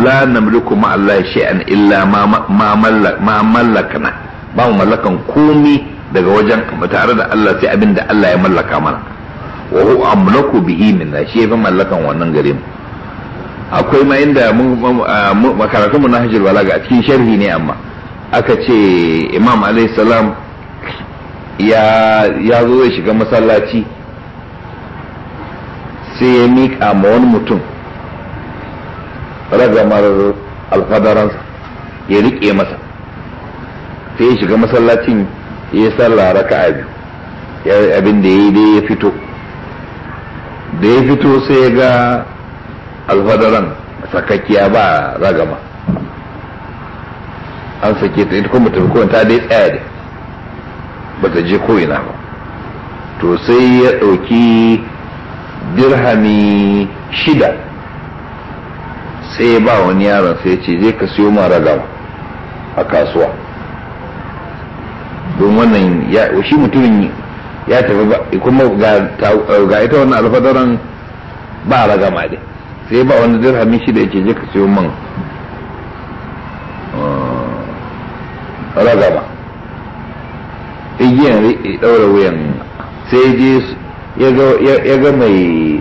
Speaker 1: la namliku ma Allah shay'an illa ma mallakana ba mu mallakan komai daga wajen mu tare da Allah sai abin da Allah ya mallaka mana wa hu amlaku bihi shi mallakan wannan gare mu akwai ma inda makaratun mu na hajjul balaga a cikin sharhi ne amma aka ce imam alayhi salam ya ya zo zai shiga masallaci sai ya miƙa ma wani mutum ragamar alfadaransa ya riƙe masa sai ya shiga masallacin ya sallah raka'a biyu abin da ya yi dai ya fito da ya fito sai ya ga alfadaran sakakkiya ba ragama an sake ta ita kuma tafi ta dai tsaya da ba ta je ko'ina ba to sai ya ɗauki dirhami shida sai ba wani yaron sai ce je ka siyo ma ragama a kasuwa don wannan ya shi mutumin ya tafi ba kuma ga ita wannan alfadaran ba ragama dai sai ba wani dirhami shi da yake je ka siyo man ah, ragama igiyan ɗaura wuyan sai je ya ga mai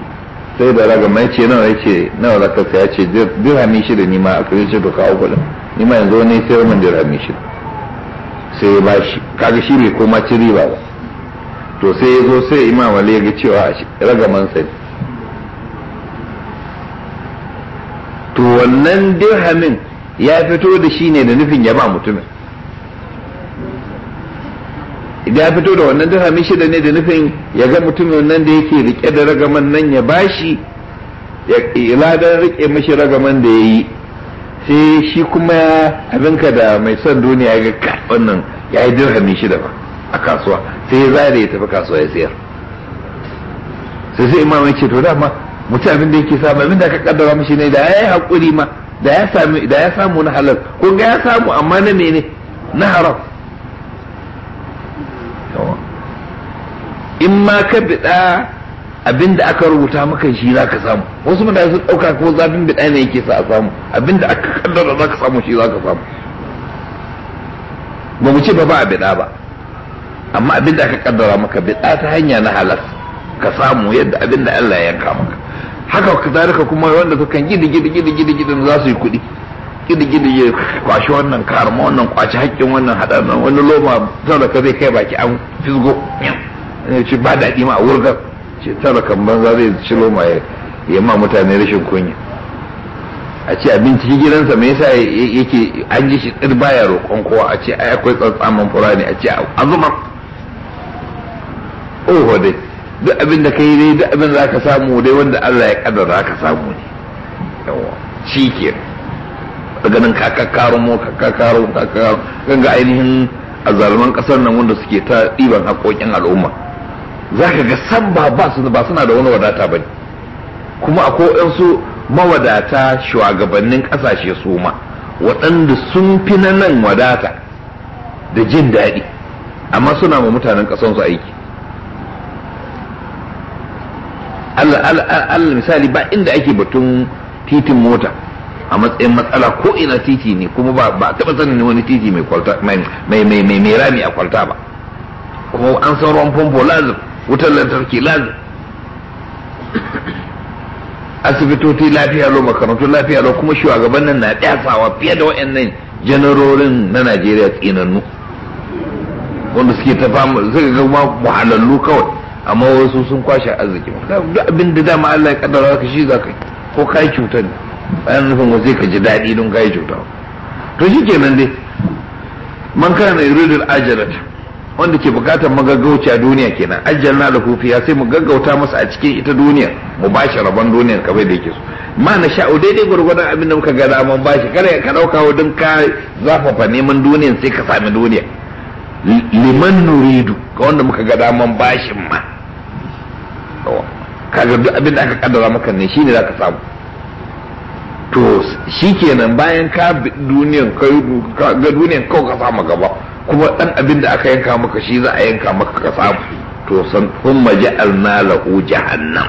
Speaker 1: sai da ragama ya ce nawa ya ce nawa zaka sai ya ce dirhami shida ni ma a kare ce to kawo kudin ni ma yanzu wani sayar min dirhami shida sai ya bashi kaga shi bai koma ci riba ba to sai ya zo sai imam ali ya ga cewa a ragaman tsari to wannan dirhamin ya fito da shi ne da nufin ya ba mutumin idan ya fito da wannan dirhamin da ne da nufin ya ga mutumin nan da yake rike da ragaman nan ya bashi ya ladan rike mashi ragaman da ya yi sai shi kuma abinka da mai son duniya ya ga wannan ya yi dirhami shida ba a kasuwa sai ya zare ya tafi kasuwa ya sayar sai sai imamai ce to dama mutum abin da yake samu abin da aka kaddara mishi ne da ya yi haƙuri ma da ya samu na halar ko ga ya samu amma na mene na haram in ma ka biɗa abinda aka rubuta maka shi za ka samu wasu mutane sun ɗauka ko zafin biɗa ne yake sa a samu abinda aka kaddara za ka samu shi za ka samu ba mu ce ba ba a biɗa ba amma abinda aka kaddara maka biɗa ta hanya na halas ka samu yadda abinda Allah ya yanka maka haka ka zarika kuma wanda su kan gidi gidi gidi gidi gidi za su yi kuɗi gidi gidi ya kwashi wannan karma wannan kwashi haƙƙin wannan haɗa wani loma zan da ka zai kai baki an fisgo ne ci ba daɗi ma a wurgar ce talakan banza zai ciro ma ya ma mutane rashin kunya a ce abinci binciki gidansa me yasa yake an ji shi tsir baya roƙon kowa a ce ai akwai tsantsaman fura ne a ce a zuma oho dai duk abin da kai dai duk abin da ka samu dai wanda Allah ya kaddara ka samu ne yawa shi ke ganin kakakaro mu kakakaro kakakaro ganga ainihin a zalman kasar nan wanda suke ta ɗiban haƙoƙin al'umma za ka ga san ba ba suna da wani wadata ba ne kuma akwai su mawadata shugabannin kasashe su ma waɗanda sun fi na nan wadata da jin daɗi amma suna ma mutanen ƙasansu aiki allah misali ba inda ake batun titin mota a matsayin matsala ko ina titi ne kuma ba ba taɓa sanin wani titi mai rami a kwalta ba kuma an san ruwan famfo lazim wutar lantarki lazim asibitoci lafiya lo makarantu lafiya lo kuma shugaban nan na ɗyasawa fiye da wa'annan janarorin na najeriya tsinannu wanda suke ta fama suka ga ma muhalallu kawai amma wasu sun kwashe arziki duk abin da dama Allah ya kaddara ka shi zaka ko kai cutar ne bayan nufin wa zai ka ji daɗi don kai cuta to shi kenan dai man kana yuridul ajalata wanda ke bukatar magaggauci a duniya kenan ajjalna lahu fiha sai mu gaggauta masa a cikin ita duniyar mu bashi rabon duniyar kamar da yake so ma na sha'u daidai gwargwadon abin da muka ga daman bashi kada ka dauka wadin ka zafafa neman duniyar sai ka sami duniya liman nuridu ga wanda muka ga daman bashin ma kaga duk abin da aka kaddara maka ne shine zaka samu to shikenan bayan ka duniyar kai ga duniyar kawai ka samu gaba kuma dan abin da aka yanka maka shi za a yanka maka ka samu to san thumma ja'alna lahu jahannam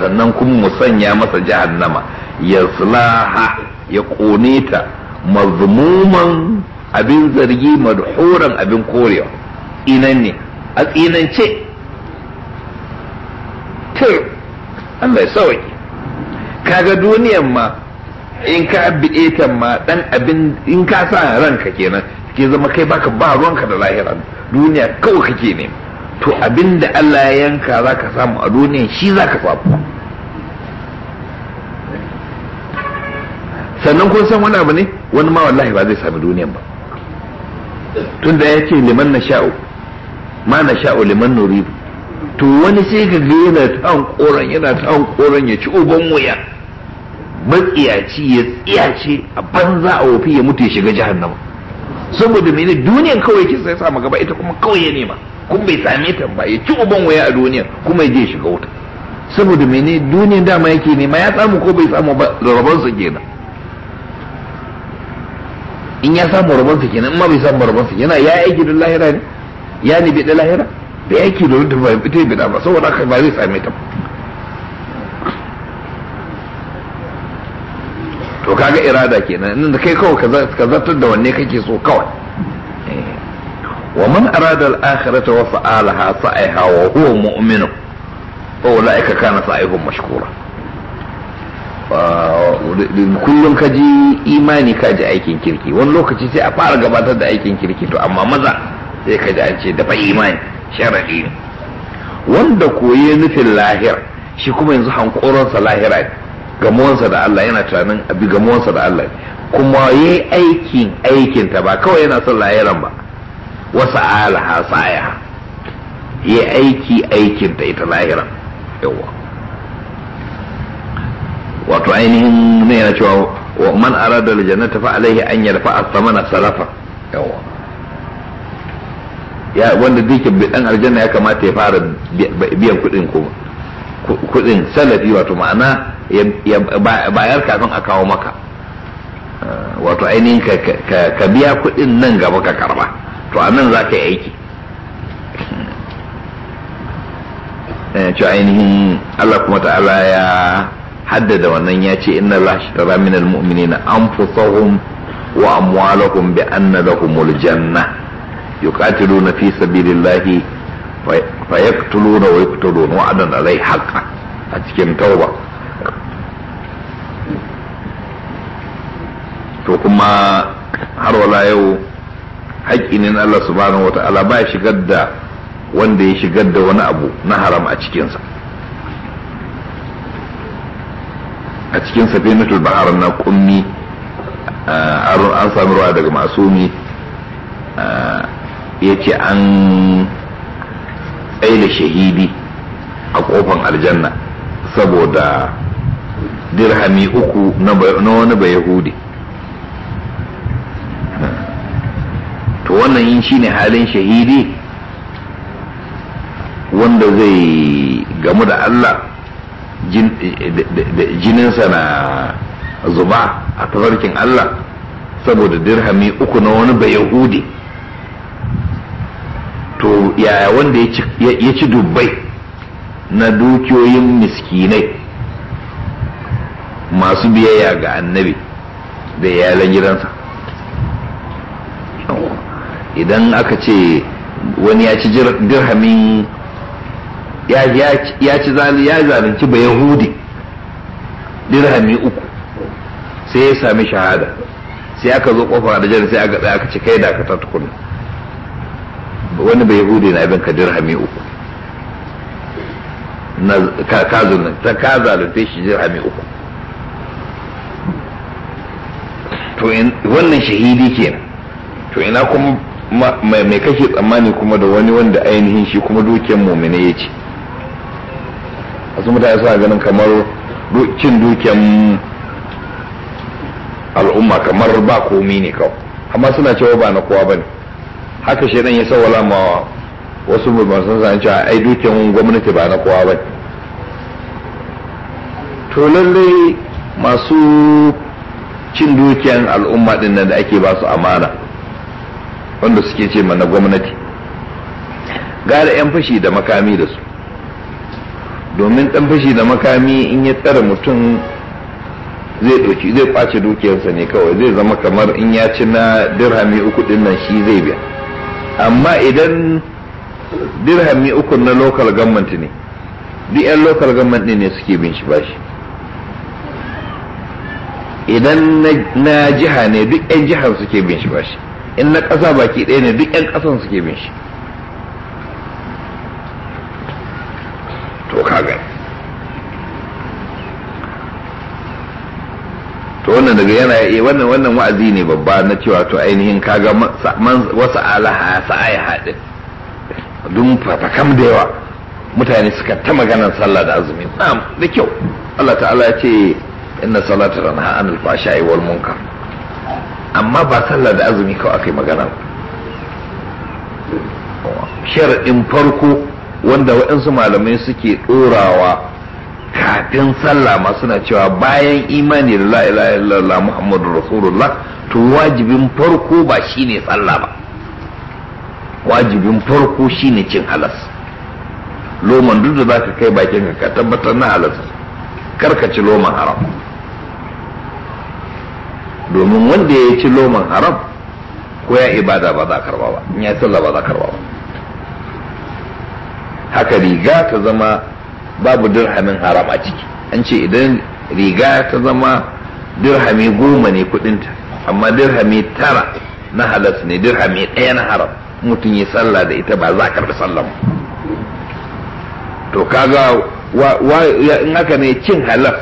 Speaker 1: sannan kuma mu sanya masa jahannama yaslaha ya kone ta mazmuman abin zargi madhuran abin korewa inan ne a tsinance tir Allah ya sauki kaga duniyan ma in ka biɗe ta ma dan abin in ka sa ranka kenan ya zama kai baka ba ruwanka da lahira duniya kawai kake ne to abinda Allah ya yanka zaka samu a duniya shi zaka samu sannan kun san wani abu ne wani ma wallahi ba zai sami duniyan ba tunda ya ce liman na sha'o, ma na sha'o liman nuri to wani sai ka ga yana ta'an koran yana ta'an koran ya ci uban wuya matsiyaci ya tsiyace a banza a wofi ya mutu ya shiga jahannama saboda mene duniyan kawai kin sai samu gaba ita kuma kawai ya nema kuma bai same ta ba ya ci uban waya a duniya kuma ya je shiga wuta saboda mene duniyan dama yake nema ya samu ko bai samu ba rabon sa kenan in ya samu rabon sa kenan in ma bai samu rabon sa yana ya aiki don lahira ne ya ne bi da lahira bai aiki don ta bai bi da ba saboda haka ba zai same ta ba to kaga irada kenan inda kai kawai ka zartar da wanne kake so kawai eh. wa man arada al-akhirata wa fa'alaha sa'iha wa huwa mu'minu fa ulaika kana sa'ihum mashkura kullum ka ji imani ka ji aikin kirki wani lokaci sai a fara gabatar da aikin kirki to amma maza sai ka ji an ce dafa imani sharadi wanda koyi nufin lahira shi kuma yanzu hankoronsa lahira ne gamuwansa da Allah yana tunanin abi gamuwansa da Allah kuma yi aikin aikinta ba kawai yana son lahiran ba wasu alaha saya yi aiki aikinta ita lahiran yawa wato ainihin ne yana cewa wa man arada aljannata fa alaihi an yarfa as-samana sarafa yawa ya wanda duke dan aljanna ya kamata ya fara biyan kudin kuma kudin salafi wato ma'ana ya bayar kafin a kawo maka eh, wato ainihin ka biya kuɗin nan gaba ka karba to a nan za ka yi aiki ci eh, ainihin Allah kuma ta'ala ya haddada wannan ya ce inna la shtara min almu'minina anfusahum wa amwalahum bi anna lahumul janna yuqatiluna fi sabilillahi fa yaqtuluna wa yuqtaluna wa'adan alai haqqan a cikin tauba to kuma har wala yau haƙƙi ne na Allah subhanahu wata'ala ba ya shigar da wanda ya shigar da wani abu na haram a cikinsa a cikin safinatul bahar na kunni an sami ruwa daga masumi ya ce an tsaye da shahidi a kofan aljanna saboda dirhami uku na wani ba yahudi to wannan yin shi ne halin shahidi wanda zai gamu da Allah jininsa na zuba a tafarkin Allah saboda dirhami uku na wani ba yahudi to yaya wanda ya ci dubbai na dukiyoyin miskinai masu biyayya ga annabi da iyalan gidansa idan aka ce wani ya ci dirhamin ya ci zalunci ba yahudi dirhami uku sai ya sami shahada sai aka zo kofa da jan sai aka tsaye aka ce kai da aka tatukun wani bai hudu na abin ka dirhami uku na ka zalunta shi dirhami uku to wannan shahidi kenan to ina kuma mai kake tsammani kuma da wani wanda ainihin shi kuma dukiyar mumina ya ce wasu mutane suna ganin kamar cin dukiyar al'umma kamar ba komi ne kawai amma suna cewa ba na kowa ba ne haka shaidan ya sawala ma wasu mulmansan san cewa ai dukiyar gwamnati ba na kowa ba ne to lallai masu cin dukiyan al'umma din nan da ake ba su amana wanda suke ce mana gwamnati gara 'yan fashi da makami da su domin ɗan fashi da makami in ya tsara mutum zai ɗauki zai ɓace dukiyarsa ne kawai zai zama kamar in ya ci na dirhami uku din nan shi zai biya amma idan dirhami uku na local government ne duk 'yan local government ne suke bin shi bashi idan na jiha ne duk 'yan jihar suke bin shi bashi in na ƙasa baki ɗaya ne duk 'yan ƙasan suke bin shi to kaga to wannan daga yana yi eh, wannan wannan wa'azi ne babba na cewa to ainihin kaga wasu alaha sa'ayi haɗin dun fatakam da yawa mutane suka ta maganar sallah da azumi na'am da kyau Allah ta'ala ya ce inna salatu tanha an alfashai wal munkar amma ba sallah da azumi kawai akai magana sharaɗin farko wanda waɗansu malamai suke ɗorawa kafin sallah ma suna cewa bayan imani da la'ilaha illallah muhammadu rasulullah to wajibin farko ba shine sallah ba wajibin farko shine cin halas loman duk da za ka kai bakin ka tabbatar na halas kar ka ci loman haram domin wanda ya ci loman haram ko ya ibada ba za karba ba in ya sallah ba za karba ba haka riga ta zama babu dirhamin haram a ciki an ce idan riga ta zama dirhami goma ne kudinta amma dirhami tara na halas ne dirhami ɗaya na haram mutum ya sallah da ita ba za karbi sallah to kaga in haka ne cin halas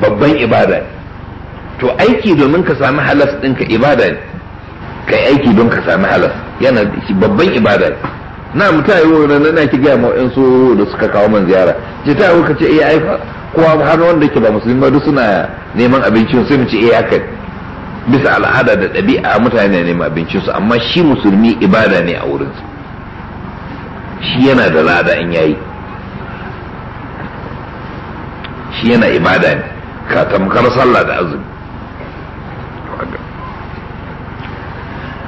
Speaker 1: babban ibada to aiki domin ka sami halas ɗinka ibada ne ka yi aiki don ka sami halas yana babban ibada ne na mutum yi wani nan ki gaya ma'o'in su da suka kawo man ziyara ce ta yi ce eh, iya aifa kowa har wanda ke ba musulmi ba duk suna neman abincin sai mu ce iya eh, bisa al'ada da ɗabi'a mutane na neman abincin su amma shi musulmi ibada ne a wurin su. shi yana da lada in yayi shi yana ibada ne ka tamkar sallah da azumi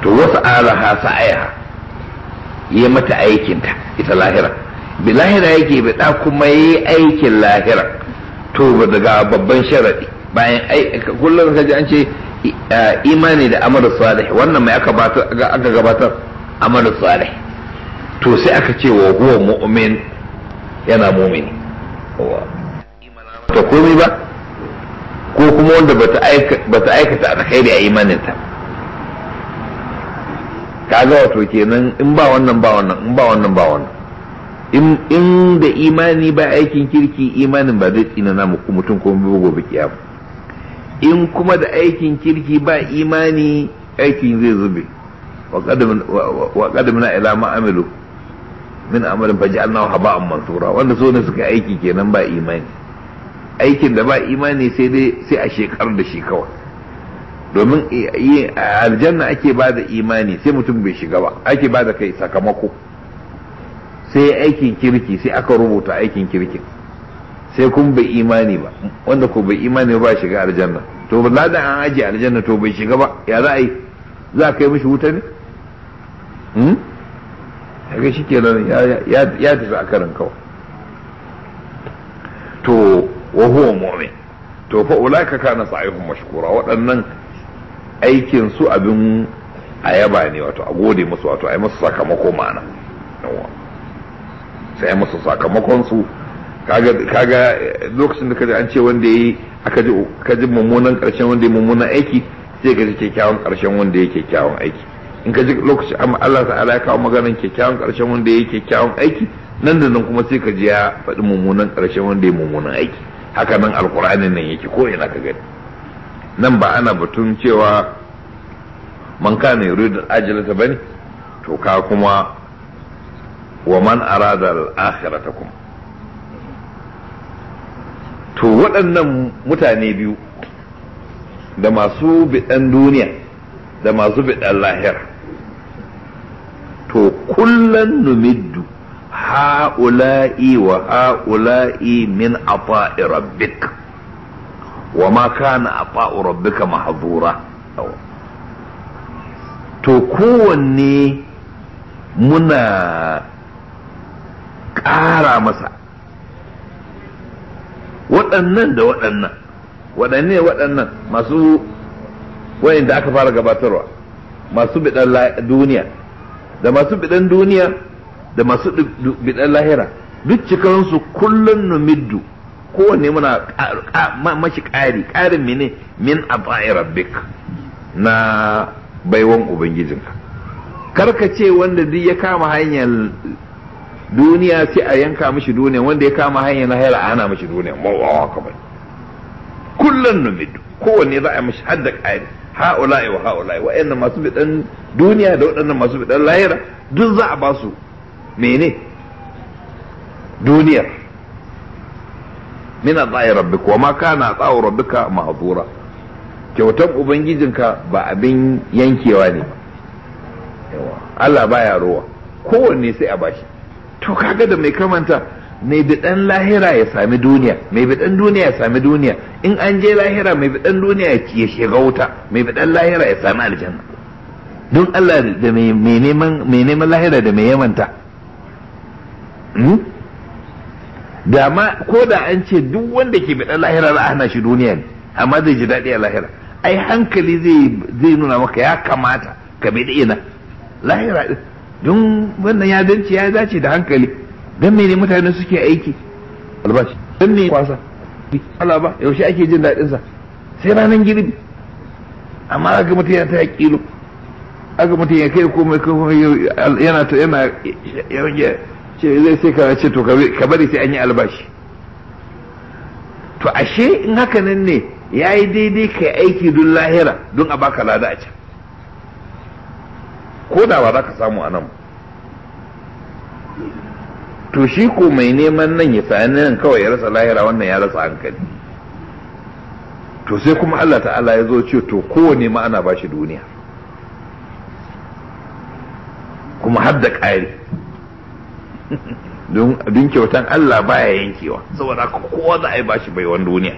Speaker 1: to wasu alaha aya yi mata aikinta ita lahira bi lahira yake bi da kuma yi aikin lahira to daga babban sharadi bayan kullum ka ji an ce imani da amal salih wannan mai aka gabatar amal salih to sai aka ce wa huwa mu'min yana mu'mini ta komai ba ko kuma wanda bata aikata alkhairi a imaninta kaga wato kenan in ba wannan ba wannan in ba wannan ba wannan in da imani ba aikin kirki imanin ba zai tsina na mutum ko mu gobe kiyama in kuma da aikin kirki ba imani aikin zai zube wa qadamna ila ma amilu min amalin faj'alnahu haba'an mansura wanda so ne suka aiki kenan ba imani aikin da ba imani sai dai sai a shekar da shi kawai domin aljanna ake ba da imani sai mutum bai shiga ba ake ba da kai sakamako sai aikin kirki sai aka rubuta aikin kirkin sai kun bai imani ba wanda ko bai imani ba shiga aljanna to ba da an aji aljanna to bai shiga ba ya za a yi za a kai mishi wuta ne haka hmm? shi ke nan ya tafi a karin kawai to wa huwa mu'min to fa ulaka kana sa'ihum mashkura waɗannan aikin su abin yaba ne wato a gode musu wato a yi musu sakamako ma'ana sai musu sakamakon su kaga lokacin da kaji an ce wanda yi aka ji mummunan karshen wanda yi mummunan aiki sai ka ji kyakkyawan karshen wanda yi kyakkyawan aiki in ka ji lokacin amma Allah ta'ala ya kawo maganar kyakkyawan karshen wanda yi kyakkyawan aiki nan da nan kuma sai ka ji ya faɗi mummunan karshen wanda yi mummunan aiki haka nan alkur'anin nan yake ko ina ka gani nan ba ana batun cewa man kana yuridu ajalata bane to ka kuma wa man arada al ta kuma to waɗannan mutane biyu da masu biɗan duniya da masu biɗan lahira to kullum numiddu ha'ula'i wa ha'ula'i min ata'i rabbika wa ma kana afa'u rabbika mahzura to kowanne muna ƙara masa waɗannan da waɗannan waɗanne waɗannan masu wayan da aka fara gabatarwa masu biɗan duniya da masu biɗan duniya da masu biɗan lahira duk cikansu kullum numiddu kowanne muna mashi ƙari ƙarin mene min abai rabbik na baiwan ubangijinka karka ce wanda duk ya kama hanyar duniya sai a yanka mishi duniya wanda ya kama hanyar na hayar ana mishi duniya mawawa kamar kullum numidu kowanne za a mishi hadda ƙari ha'ula'i wa ha'ula'i wa'annan masu bidan duniya da waɗannan masu bidan lahira duk za a ba su mene duniyar min atsa'i rabbika wa ma kana atsa'u rabbika mahzura kyautan ubangijinka ba abin yankewa ne ba Allah baya rowa kowanne sai a bashi to kaga da mai kamanta mai bidan lahira ya sami duniya mai bidan duniya ya sami duniya in an je lahira mai bidan duniya ya shiga wuta mai bidan lahira ya sami aljanna don Allah da mai neman lahira da mai yamanta hmm? da ma ko da an ce duk wanda ke bi lahira za a hana shi duniya ne amma zai ji daɗi a lahira ai hankali zai nuna maka ya kamata ka bi da ina lahira don wannan ya dance ya dace da hankali don mene mutane suke aiki albashi don ne kwasa Allah ba yaushe ake jin daɗinsa sai ranar girbi amma ga mutum ya ta ya kilo aka mutum ya kai komai komai yana ta yana ce zai sai ka ce to ka bari sai an yi albashi to ashe in haka nan ne ya yi daidai ka aiki don lahira don a baka lada a can ko da ba za ka samu a nan to shi ko mai neman nan ya sani nan kawai ya rasa lahira wannan ya rasa hankali to sai kuma Allah ta'ala ya zo ce to kowane ma ana bashi duniya kuma har da ƙari don kyautan Allah baya yankewa saboda kowa za a yi bashi baiwan duniya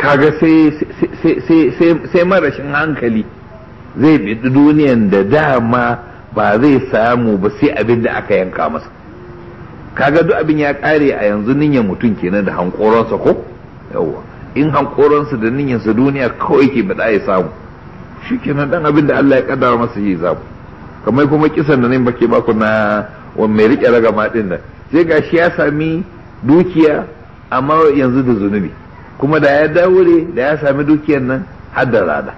Speaker 1: kaga sai marashin hankali zai bidi duniyan da dama ba zai samu ba sai abin da aka yanka masa kaga duk abin ya kare a yanzu niyan mutum kenan da hankoronsa ko yawwa in hankoronsa da niyansa duniya kawai ke bada ya samu shi kenan dan abin da Allah ya kaddara masa yi zabu kamar kuma kisan da nan bake baku na wa mai riƙe ragama ɗin nan sai ga shi ya sami dukiya amma yanzu da zunubi kuma da ya daure da ya sami dukiyar nan har da rada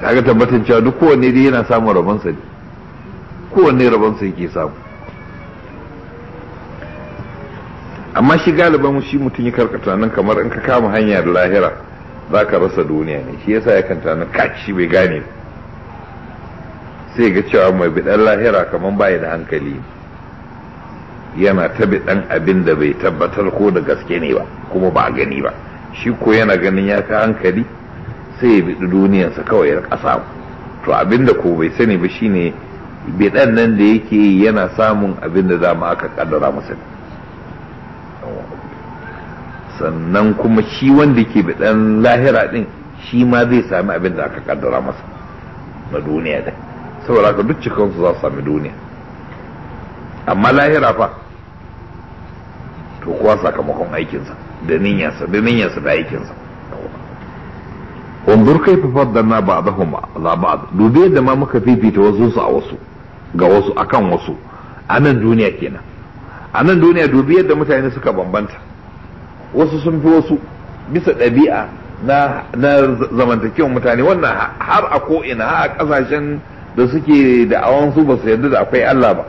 Speaker 1: kaga tabbatin cewa duk kowanne dai yana samun rabonsa ne kowanne rabonsa yake samu amma shi galiban shi mutum ya karkata nan kamar in ka kama hanyar lahira za ka rasa duniya ne shi yasa ya kanta nan kaci bai gane ba sai ga cewa mai bidan lahira kamar baya da hankali yana ta bidan abin da bai tabbatar ko da gaske ne ba kuma ba a gani ba shi ko yana ganin ya ka hankali sai ya bidi duniyarsa kawai ya kasa to abin da ko bai sani ba shine bidan nan da yake yana samun abin da zama aka kaddara masa sannan kuma shi wanda ke bidan lahira din shi ma zai sami abin da aka kaddara masa na duniya din saboda ka duk cikinsu za su sami duniya amma lahira fa to kuwa sakamakon aikinsa da niyyarsa da niyyarsa da aikinsa wanzur kai fa ba ba'dahum ala ba'd dube da ma muka fifita wasu su a wasu ga wasu akan wasu a nan duniya kenan a nan duniya dubi yadda mutane suka bambanta wasu sun fi wasu bisa ɗabi'a na zamantakewar mutane wannan har a ko'ina a ƙasashen da suke da awansu ba su yarda da akwai Allah ba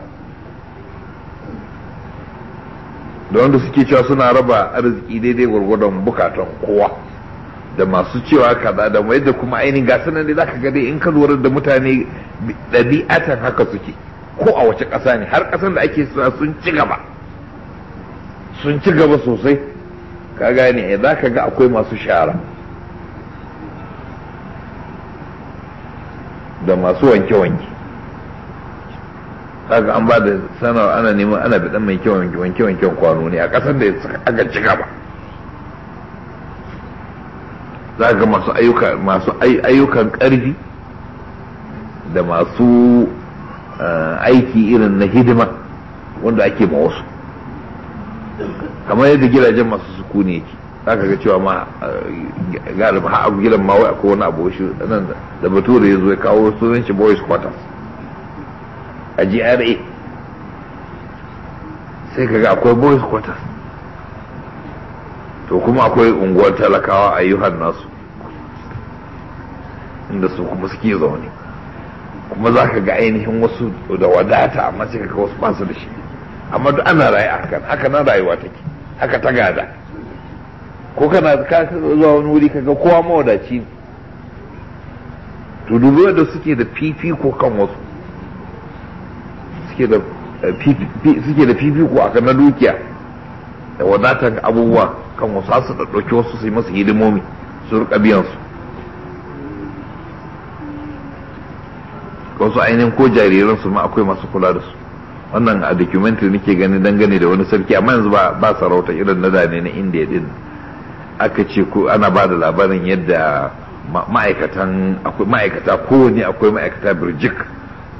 Speaker 1: da wanda suke cewa suna raba arziki daidai gwargwadon bukatan kowa da masu cewa kaza da mai da kuma ainihin gasu nan da zaka ga dai in ka lura da mutane ɗabi'atan haka suke ko a wace ƙasa ne har ƙasan da ake suna sun ci gaba sun ci gaba sosai ka gane za ka ga akwai masu shara da masu wanke-wanke kaga an ba da sanawa ana neman ana bidan mai kyau wanke wanke kwano ne a kasar da aka cika ba za ga masu ayyuka masu ayyukan ƙarfi da masu eh, aiki irin na hidima wanda ake ma wasu kamar yadda gidajen masu sukuni yake za ka ga cewa ma eh, galiba har abu gidan ma wai akwai wani abu shi nan da bature ya zo ya kawo sunan shi boys quarters a GRA sai ka ga akwai boys quarters to kuma akwai unguwar talakawa ayyuhan nasu inda su kuma suke zaune kuma za ka ga ainihin wasu da wadata amma sai ka ga wasu ba su da shi amma duk ana rayuwa a hakan haka na rayuwa take haka ta gada ko kana ka zuwa wani wuri ka ga kowa mawadaci to dubu da suke da fifiko kan wasu suke da eh, suke da fifiko a kan na dukiya da wadatar abubuwa kan wasu su da ɗauki wasu su yi masu hidimomi su rika biyan su wasu ainihin ko jariran su ma akwai masu kula da su wannan a documentary nake gani dangane da wani sarki amma yanzu ba sarauta irin na dane na indiya din aka ce ko ana ba da labarin yadda ma'aikatan akwai ma'aikata kowane akwai ma'aikata birjik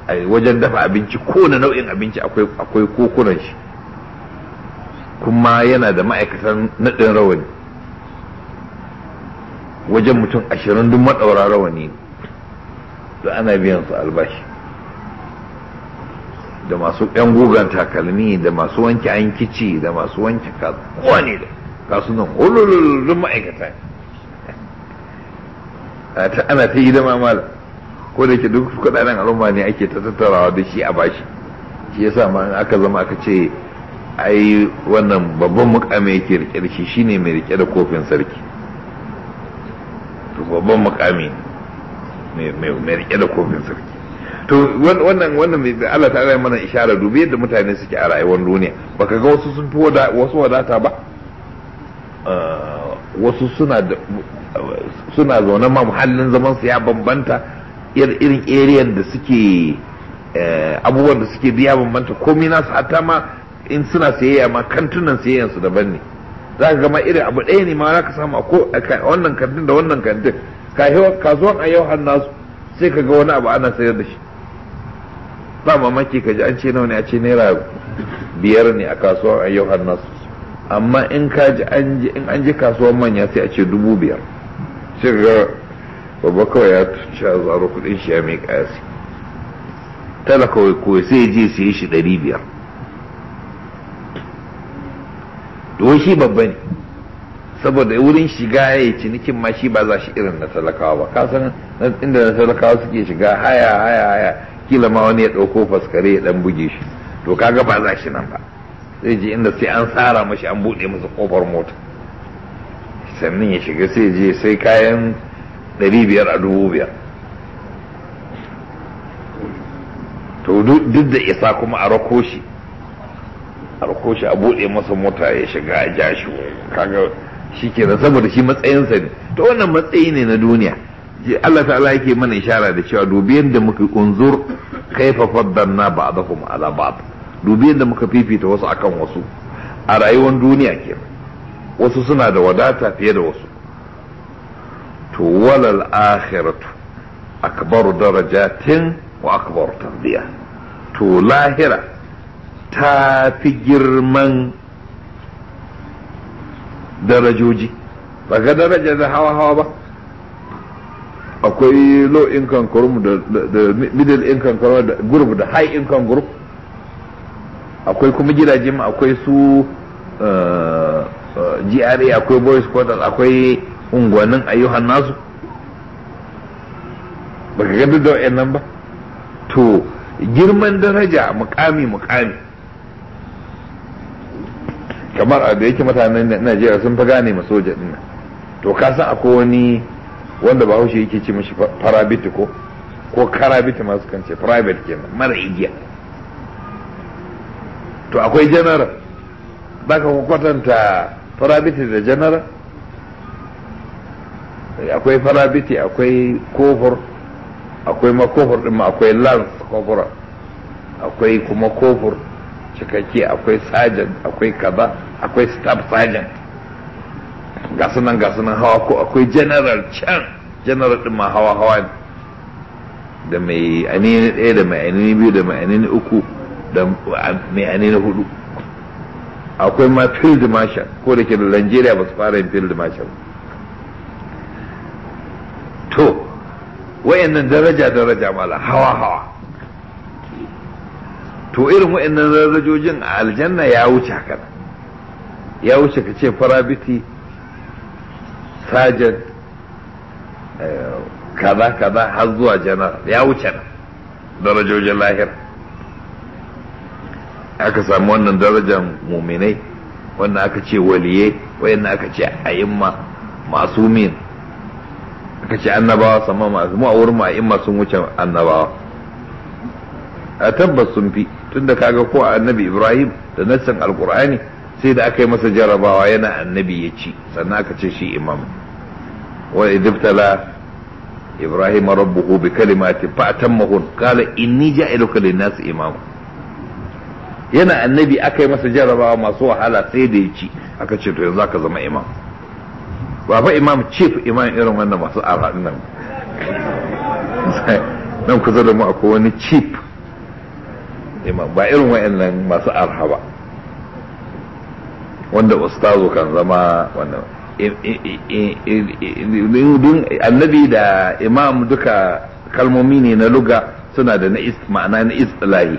Speaker 1: a wajen dafa abinci kowane nau'in abinci akwai kokunan shi kuma yana da ma'aikatan naɗin rawani wajen mutum ashirin duk maɗaura rawani da ana biyan su albashi da masu 'yan gugan takalmi da masu wanke ankici da masu wanke kowane da ga su nan hulululun ma'aikata ana ta yi da mamala. ko da ke duk kudaden al'umma ne ake ta tattarawa da shi a bashi shi sa ma aka zama aka ce ai wannan babban mukami yake rike da shi shine mai rike da kofin sarki to babban mukami mai rike da kofin sarki to wannan wannan mai Allah ta mana isharar dubi yadda mutane suke a rayuwar duniya baka ga wasu sun fi wasu wadata ba Eh, wasu suna da suna zaune ma muhallin zaman su ya bambanta irin area da suke eh, abubuwan da suke biya bambanta komai su hatta ma in suna sayayya ma kantunan sayayyan su daban ne za ka gama irin abu ɗaya ne ma za ka samu a wannan kantin da wannan kantin kasuwan a yau nasu sai ka ga wani abu ana sayar da shi ba mamaki ka ji an ce nawa ne a ce naira biyar ne a kasuwan a yau nasu amma in ka ji in an ji kasuwar manya sai a ce dubu biyar shiga ga babba kawai ya ci a zaro kudin shi ya mai kayasi tana kawai ko sai je yi shi ɗari biyar don shi babba ne saboda wurin shiga ya yi cinikin ma shi ba za shi irin na talakawa ba kasan inda na talakawa suke shiga haya haya haya kila ma wani ya ɗauko faskare ya ɗan buge shi to kaga ba za shi nan ba zai je inda sai an tsara mashi an buɗe masa kofar mota sannan ya shiga sai je sai kayan ɗari biyar a dubu biyar to duk da isa kuma a rako a rako a buɗe masa mota ya shiga a ja kaga shi ke da saboda shi matsayinsa ne ta wannan matsayi ne na duniya Allah ta'ala yake mana ishara da cewa dubi yadda muka unzur kaifa faddanna ba'dakum ala ba'd dubi yadda muka fifita wasu akan wasu a rayuwar duniya ke wasu suna da wadata fiye da wasu to walal akhiratu akbaru darajatin wa akbaru tarbiya to lahira ta fi girman darajoji ba ga daraja da hawa hawa ba akwai low income group da middle income group da group da high income group akwai kuma gidajen akwai su eh, eh, GRA akwai boys quarters akwai unguwannin ayyuhan nasu ba ka gado da wa'yan ba to girman daraja mukami mukami kamar a da yake mutanen najeriya sun fi gane ma soja dinnan to ka san akwai wani wanda ba bahaushe yake ce mishi farabiti ko ko karabiti masu kan ce private kenan mara igiya to akwai general ba ka kwatanta farabiti da general akwai farabiti akwai kofar akwai makofar din ma akwai lance kofar akwai kuma kofar cikakke akwai sergeant akwai kaza akwai staff sergeant ga sunan ga sunan hawa ko akwai general can general din ma hawa hawa da mai anini ɗaya da mai anini biyu da mai anini uku da mai na hudu akwai ma field marshal ko da ke da Nigeria ba su fara yin field marshal to wayannan daraja daraja mala hawa hawa to irin wayannan darajojin a aljanna ya wuce haka ya wuce ka ce farabiti sajan eh, kaza kaza har zuwa janar ya wuce darajojin lahira aka samu wannan darajar muminai wannan aka ce waliye wayannan aka ce a'imma masumin aka ce annabawa sama masu mu a wurin mu a'imma sun wuce annabawa a tabbas sun fi tunda kaga ko annabi Ibrahim da nassan alqur'ani sai da aka yi masa jarabawa yana annabi ya ci sannan aka ce shi imam wa idibtala ibrahim rabbuhu bi kalimati fa atammahun qala inni ja'iluka lin-nas imama yana annabi aka yi masa jarabawa masu wahala sai da ya ci aka ce to yanzu aka zama imam ba imam chief imam irin wannan masu ara nan nan kusa da mu akwai wani chief imam ba irin wa'annan masu arha ba wanda ustazu kan zama wannan annabi da imam duka kalmomi ne na luga suna da na ma'ana na istilahi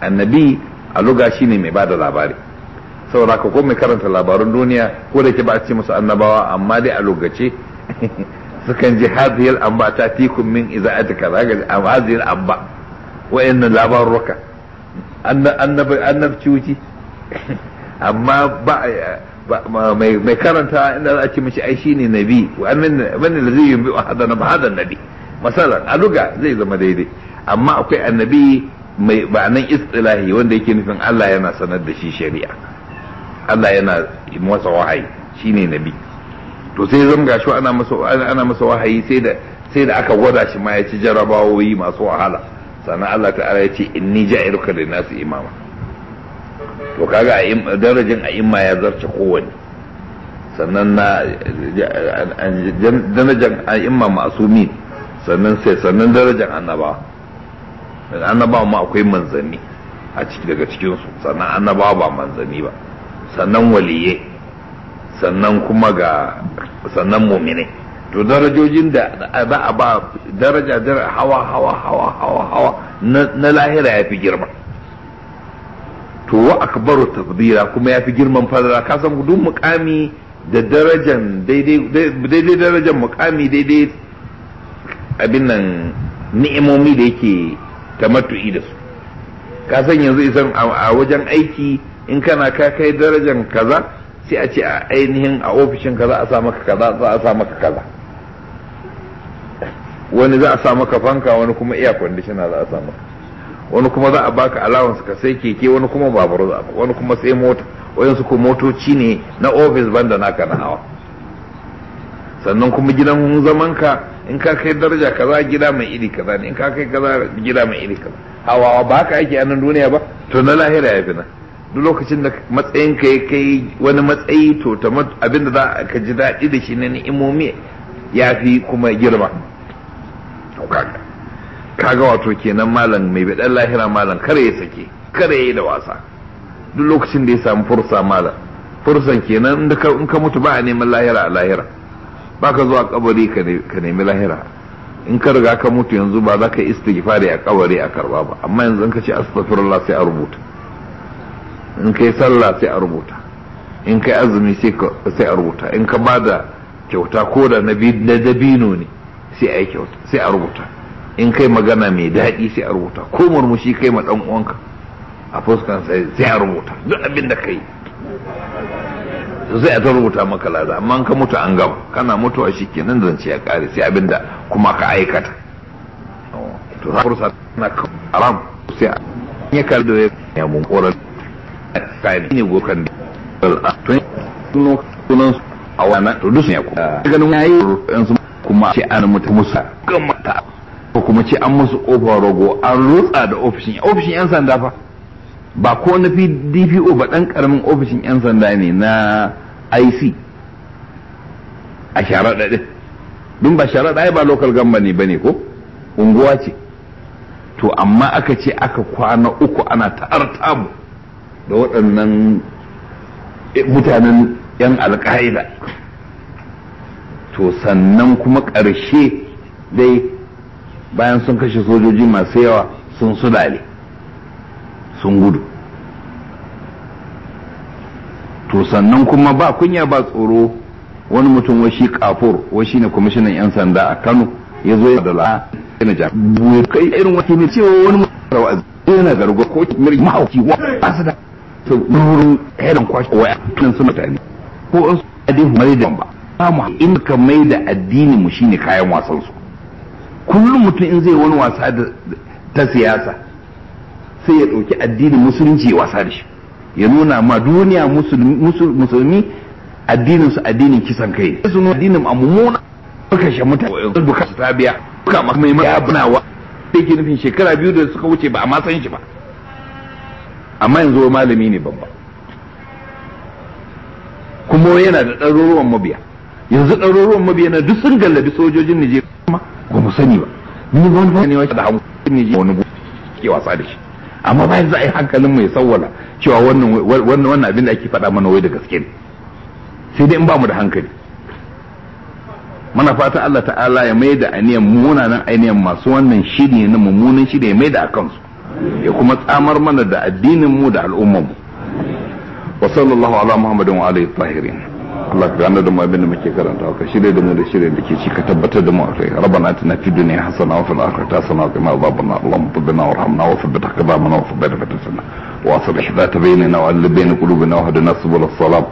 Speaker 1: annabi a luga ne mai bada labari saboda ka mai karanta labarun duniya ko da ke ba a ce musu annabawa amma dai a lugace sukan ji hadiyar amba ta tikun min iza'ati kaza ga hadiyar amba wayannan labaruka annabi annabci wuci amma ba mai karanta inda za a ce mishi ai shine nabi wani da zai yi bi hada na hada nabi masalan aluga zai zama daidai amma akwai annabi mai banan istilahi wanda yake nufin Allah yana sanar da shi shari'a Allah yana masa wahayi shine nabi to sai zan gashi ana masa ana masa wahayi sai da sai da aka gwada shi ma ya ci jarabawoyi masu wahala sannan Allah ta'ala ya ce inni ja'iruka lin nasu imama to kaga a darajin a imma ya zarce kowanne sannan na darajan a imma ma'asumin sannan sai sannan darajan annaba daga annabawa ma akwai manzanni a ciki daga cikinsu sannan annabawa ba manzanni ba sannan waliye sannan kuma ga sannan mumine to darajojin da za a ba daraja daraja hawa hawa hawa hawa hawa na lahira ya fi girma to wa akbaru tafdila kuma ya fi girman fadala ka san duk mukami da darajan daidai darajan mukami daidai abin nan ni'imomi da yake tamattu'i da su ka san yanzu isan a wajen aiki in kana ka kai darajar kaza sai a ce a ainihin a ofishin kaza a sa maka kaza za a sa maka kaza wani za a sa maka fanka wani kuma air conditioner za a sa maka wani kuma za a baka allowance ka sai keke wani kuma babur za a wani kuma sai mota wayan su ko motoci ne na office banda naka na hawa sannan kuma gidan zaman ka in ka kai daraja kaza gida mai iri kaza ne in ka kai kaza gida mai iri kaza hawa ba haka ake a nan duniya ba to na lahira ya fi na duk lokacin da matsayin ka ya kai wani matsayi to ta abinda za ka ji daɗi da shi na ni'imomi ya fi kuma girma kaga wato kenan malam mai bidan lahira malam kare ya sake kare ya yi da wasa duk lokacin da ya samu fursa malam fursan kenan in ka mutu ba a neman lahira a lahira ba ka zuwa kabari ka nemi lahira in ka riga ka mutu yanzu ba za ka istighfari a kabari a karba ba amma yanzu in ka ce astaghfirullah sai a rubuta in kai sallah sai a rubuta in kai azumi sai a rubuta in ka bada kyauta ko da na dabino ne sai a kyauta sai a rubuta in kai magana mai daɗi sai a rubuta ko murmushi kai ma ɗan uwanka a fuskan sai a rubuta duk abin da kai zai ta rubuta maka lada amma ka mutu an gama kana mutuwa shi kenan zance ya kare sai abinda kuma ka aikata to za fursa na aram sai ya kare da ya mun koran kai ne gokan to sunan kunan a wannan to dusun ya ku ganin yayi in su kuma ce an mutu musa gama ta ko kuma ce an musu ofar rogo an rutsa da ofishin ofishin yan sanda fa ba ko na dpo ba ɗan ƙaramin ofishin 'yan sanda ne na ic a sharaɗa ɗin don ba sharaɗa ba local government ba ne ko unguwa ce to amma aka ce aka kwana uku ana ta'artamu da waɗannan e, mutanen 'yan alƙa'ida to sannan kuma ƙarshe dai bayan sun kashe sojoji masu yawa sun sudale sun gudu to sannan kuma ba kunya ba tsoro wani mutum washi kafur washi ne kwamishinan 'yan sanda a kano ya zo da la'a yana ja kai irin wata ne cewa wani mutum yana gargo ko mirgi mahauki wa ba su da to rurin hedan kwashi waya tunan su mutane ko an su adin mai da ba amma in ka mai da addini mu shine kayan wasan su kullum mutum in zai wani wasa ta siyasa sai ya ɗauki addinin musulunci ya wasa da shi ya nuna ma duniya musulmi addinin su addinin kisan kai su nuna addinin amumuna kashe mutane duka su tabiya duka mai mai abunawa sai yake nufin shekara biyu da suka wuce ba a san shi ba amma yanzu malami ne babba kuma yana da ɗaruruwan mabiya yanzu ɗaruruwan mabiya na duk sun gallabi sojojin Nijeriya kuma ba mu sani ba ni ba wani ba ni ba da ba ni wani ke wasa da shi amma bayan za a yi hankalin mai sawwala cewa wannan wannan abin da ake faɗa mana wai da gaske ne sai dai in ba mu da hankali muna fata Allah ta'ala ya mai da aniyan munanan ainihin masu wannan shiri na mummunan shiri ya mai da akansu ya kuma tsamar mana da addinin mu da al'ummar mu wa ala muhammadin wa alihi Allah ka gane da mu abin da muke karanta ka shirye da mu da shirye da ke ci ka tabbatar da mu akai rabbana atina fid dunya hasana wa fil akhirati hasana wa qina adhaban nar allahumma rabbana warhamna wa thabbit aqdamana wa thabbit fitnatana wa aslih dhata bainana wa allib bain qulubina wa hadina subul salam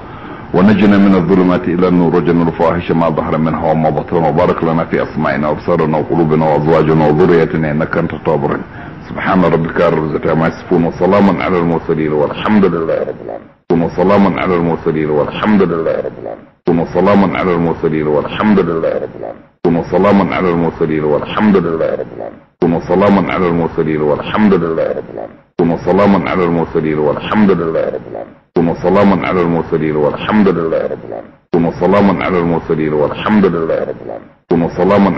Speaker 1: ونجنا من الظلمات الى النور وجنا الفواحش ما ظهر منها وما بطن وبارك لنا في اسماعنا وابصارنا وقلوبنا وازواجنا وذريتنا انك انت التواب الرحيم سبحان ربك رب عما يصفون وسلام على المرسلين والحمد لله رب العالمين وسلاما على المرسلين والحمد لله رب العالمين وسلاما على المرسلين والحمد لله رب العالمين وسلاما على المرسلين والحمد لله رب العالمين وسلاما على المرسلين والحمد لله رب العالمين وسلاما على المرسلين والحمد لله رب العالمين وسلاما على المرسلين والحمد لله رب العالمين وسلاما على المرسلين والحمد لله رب العالمين وسلاما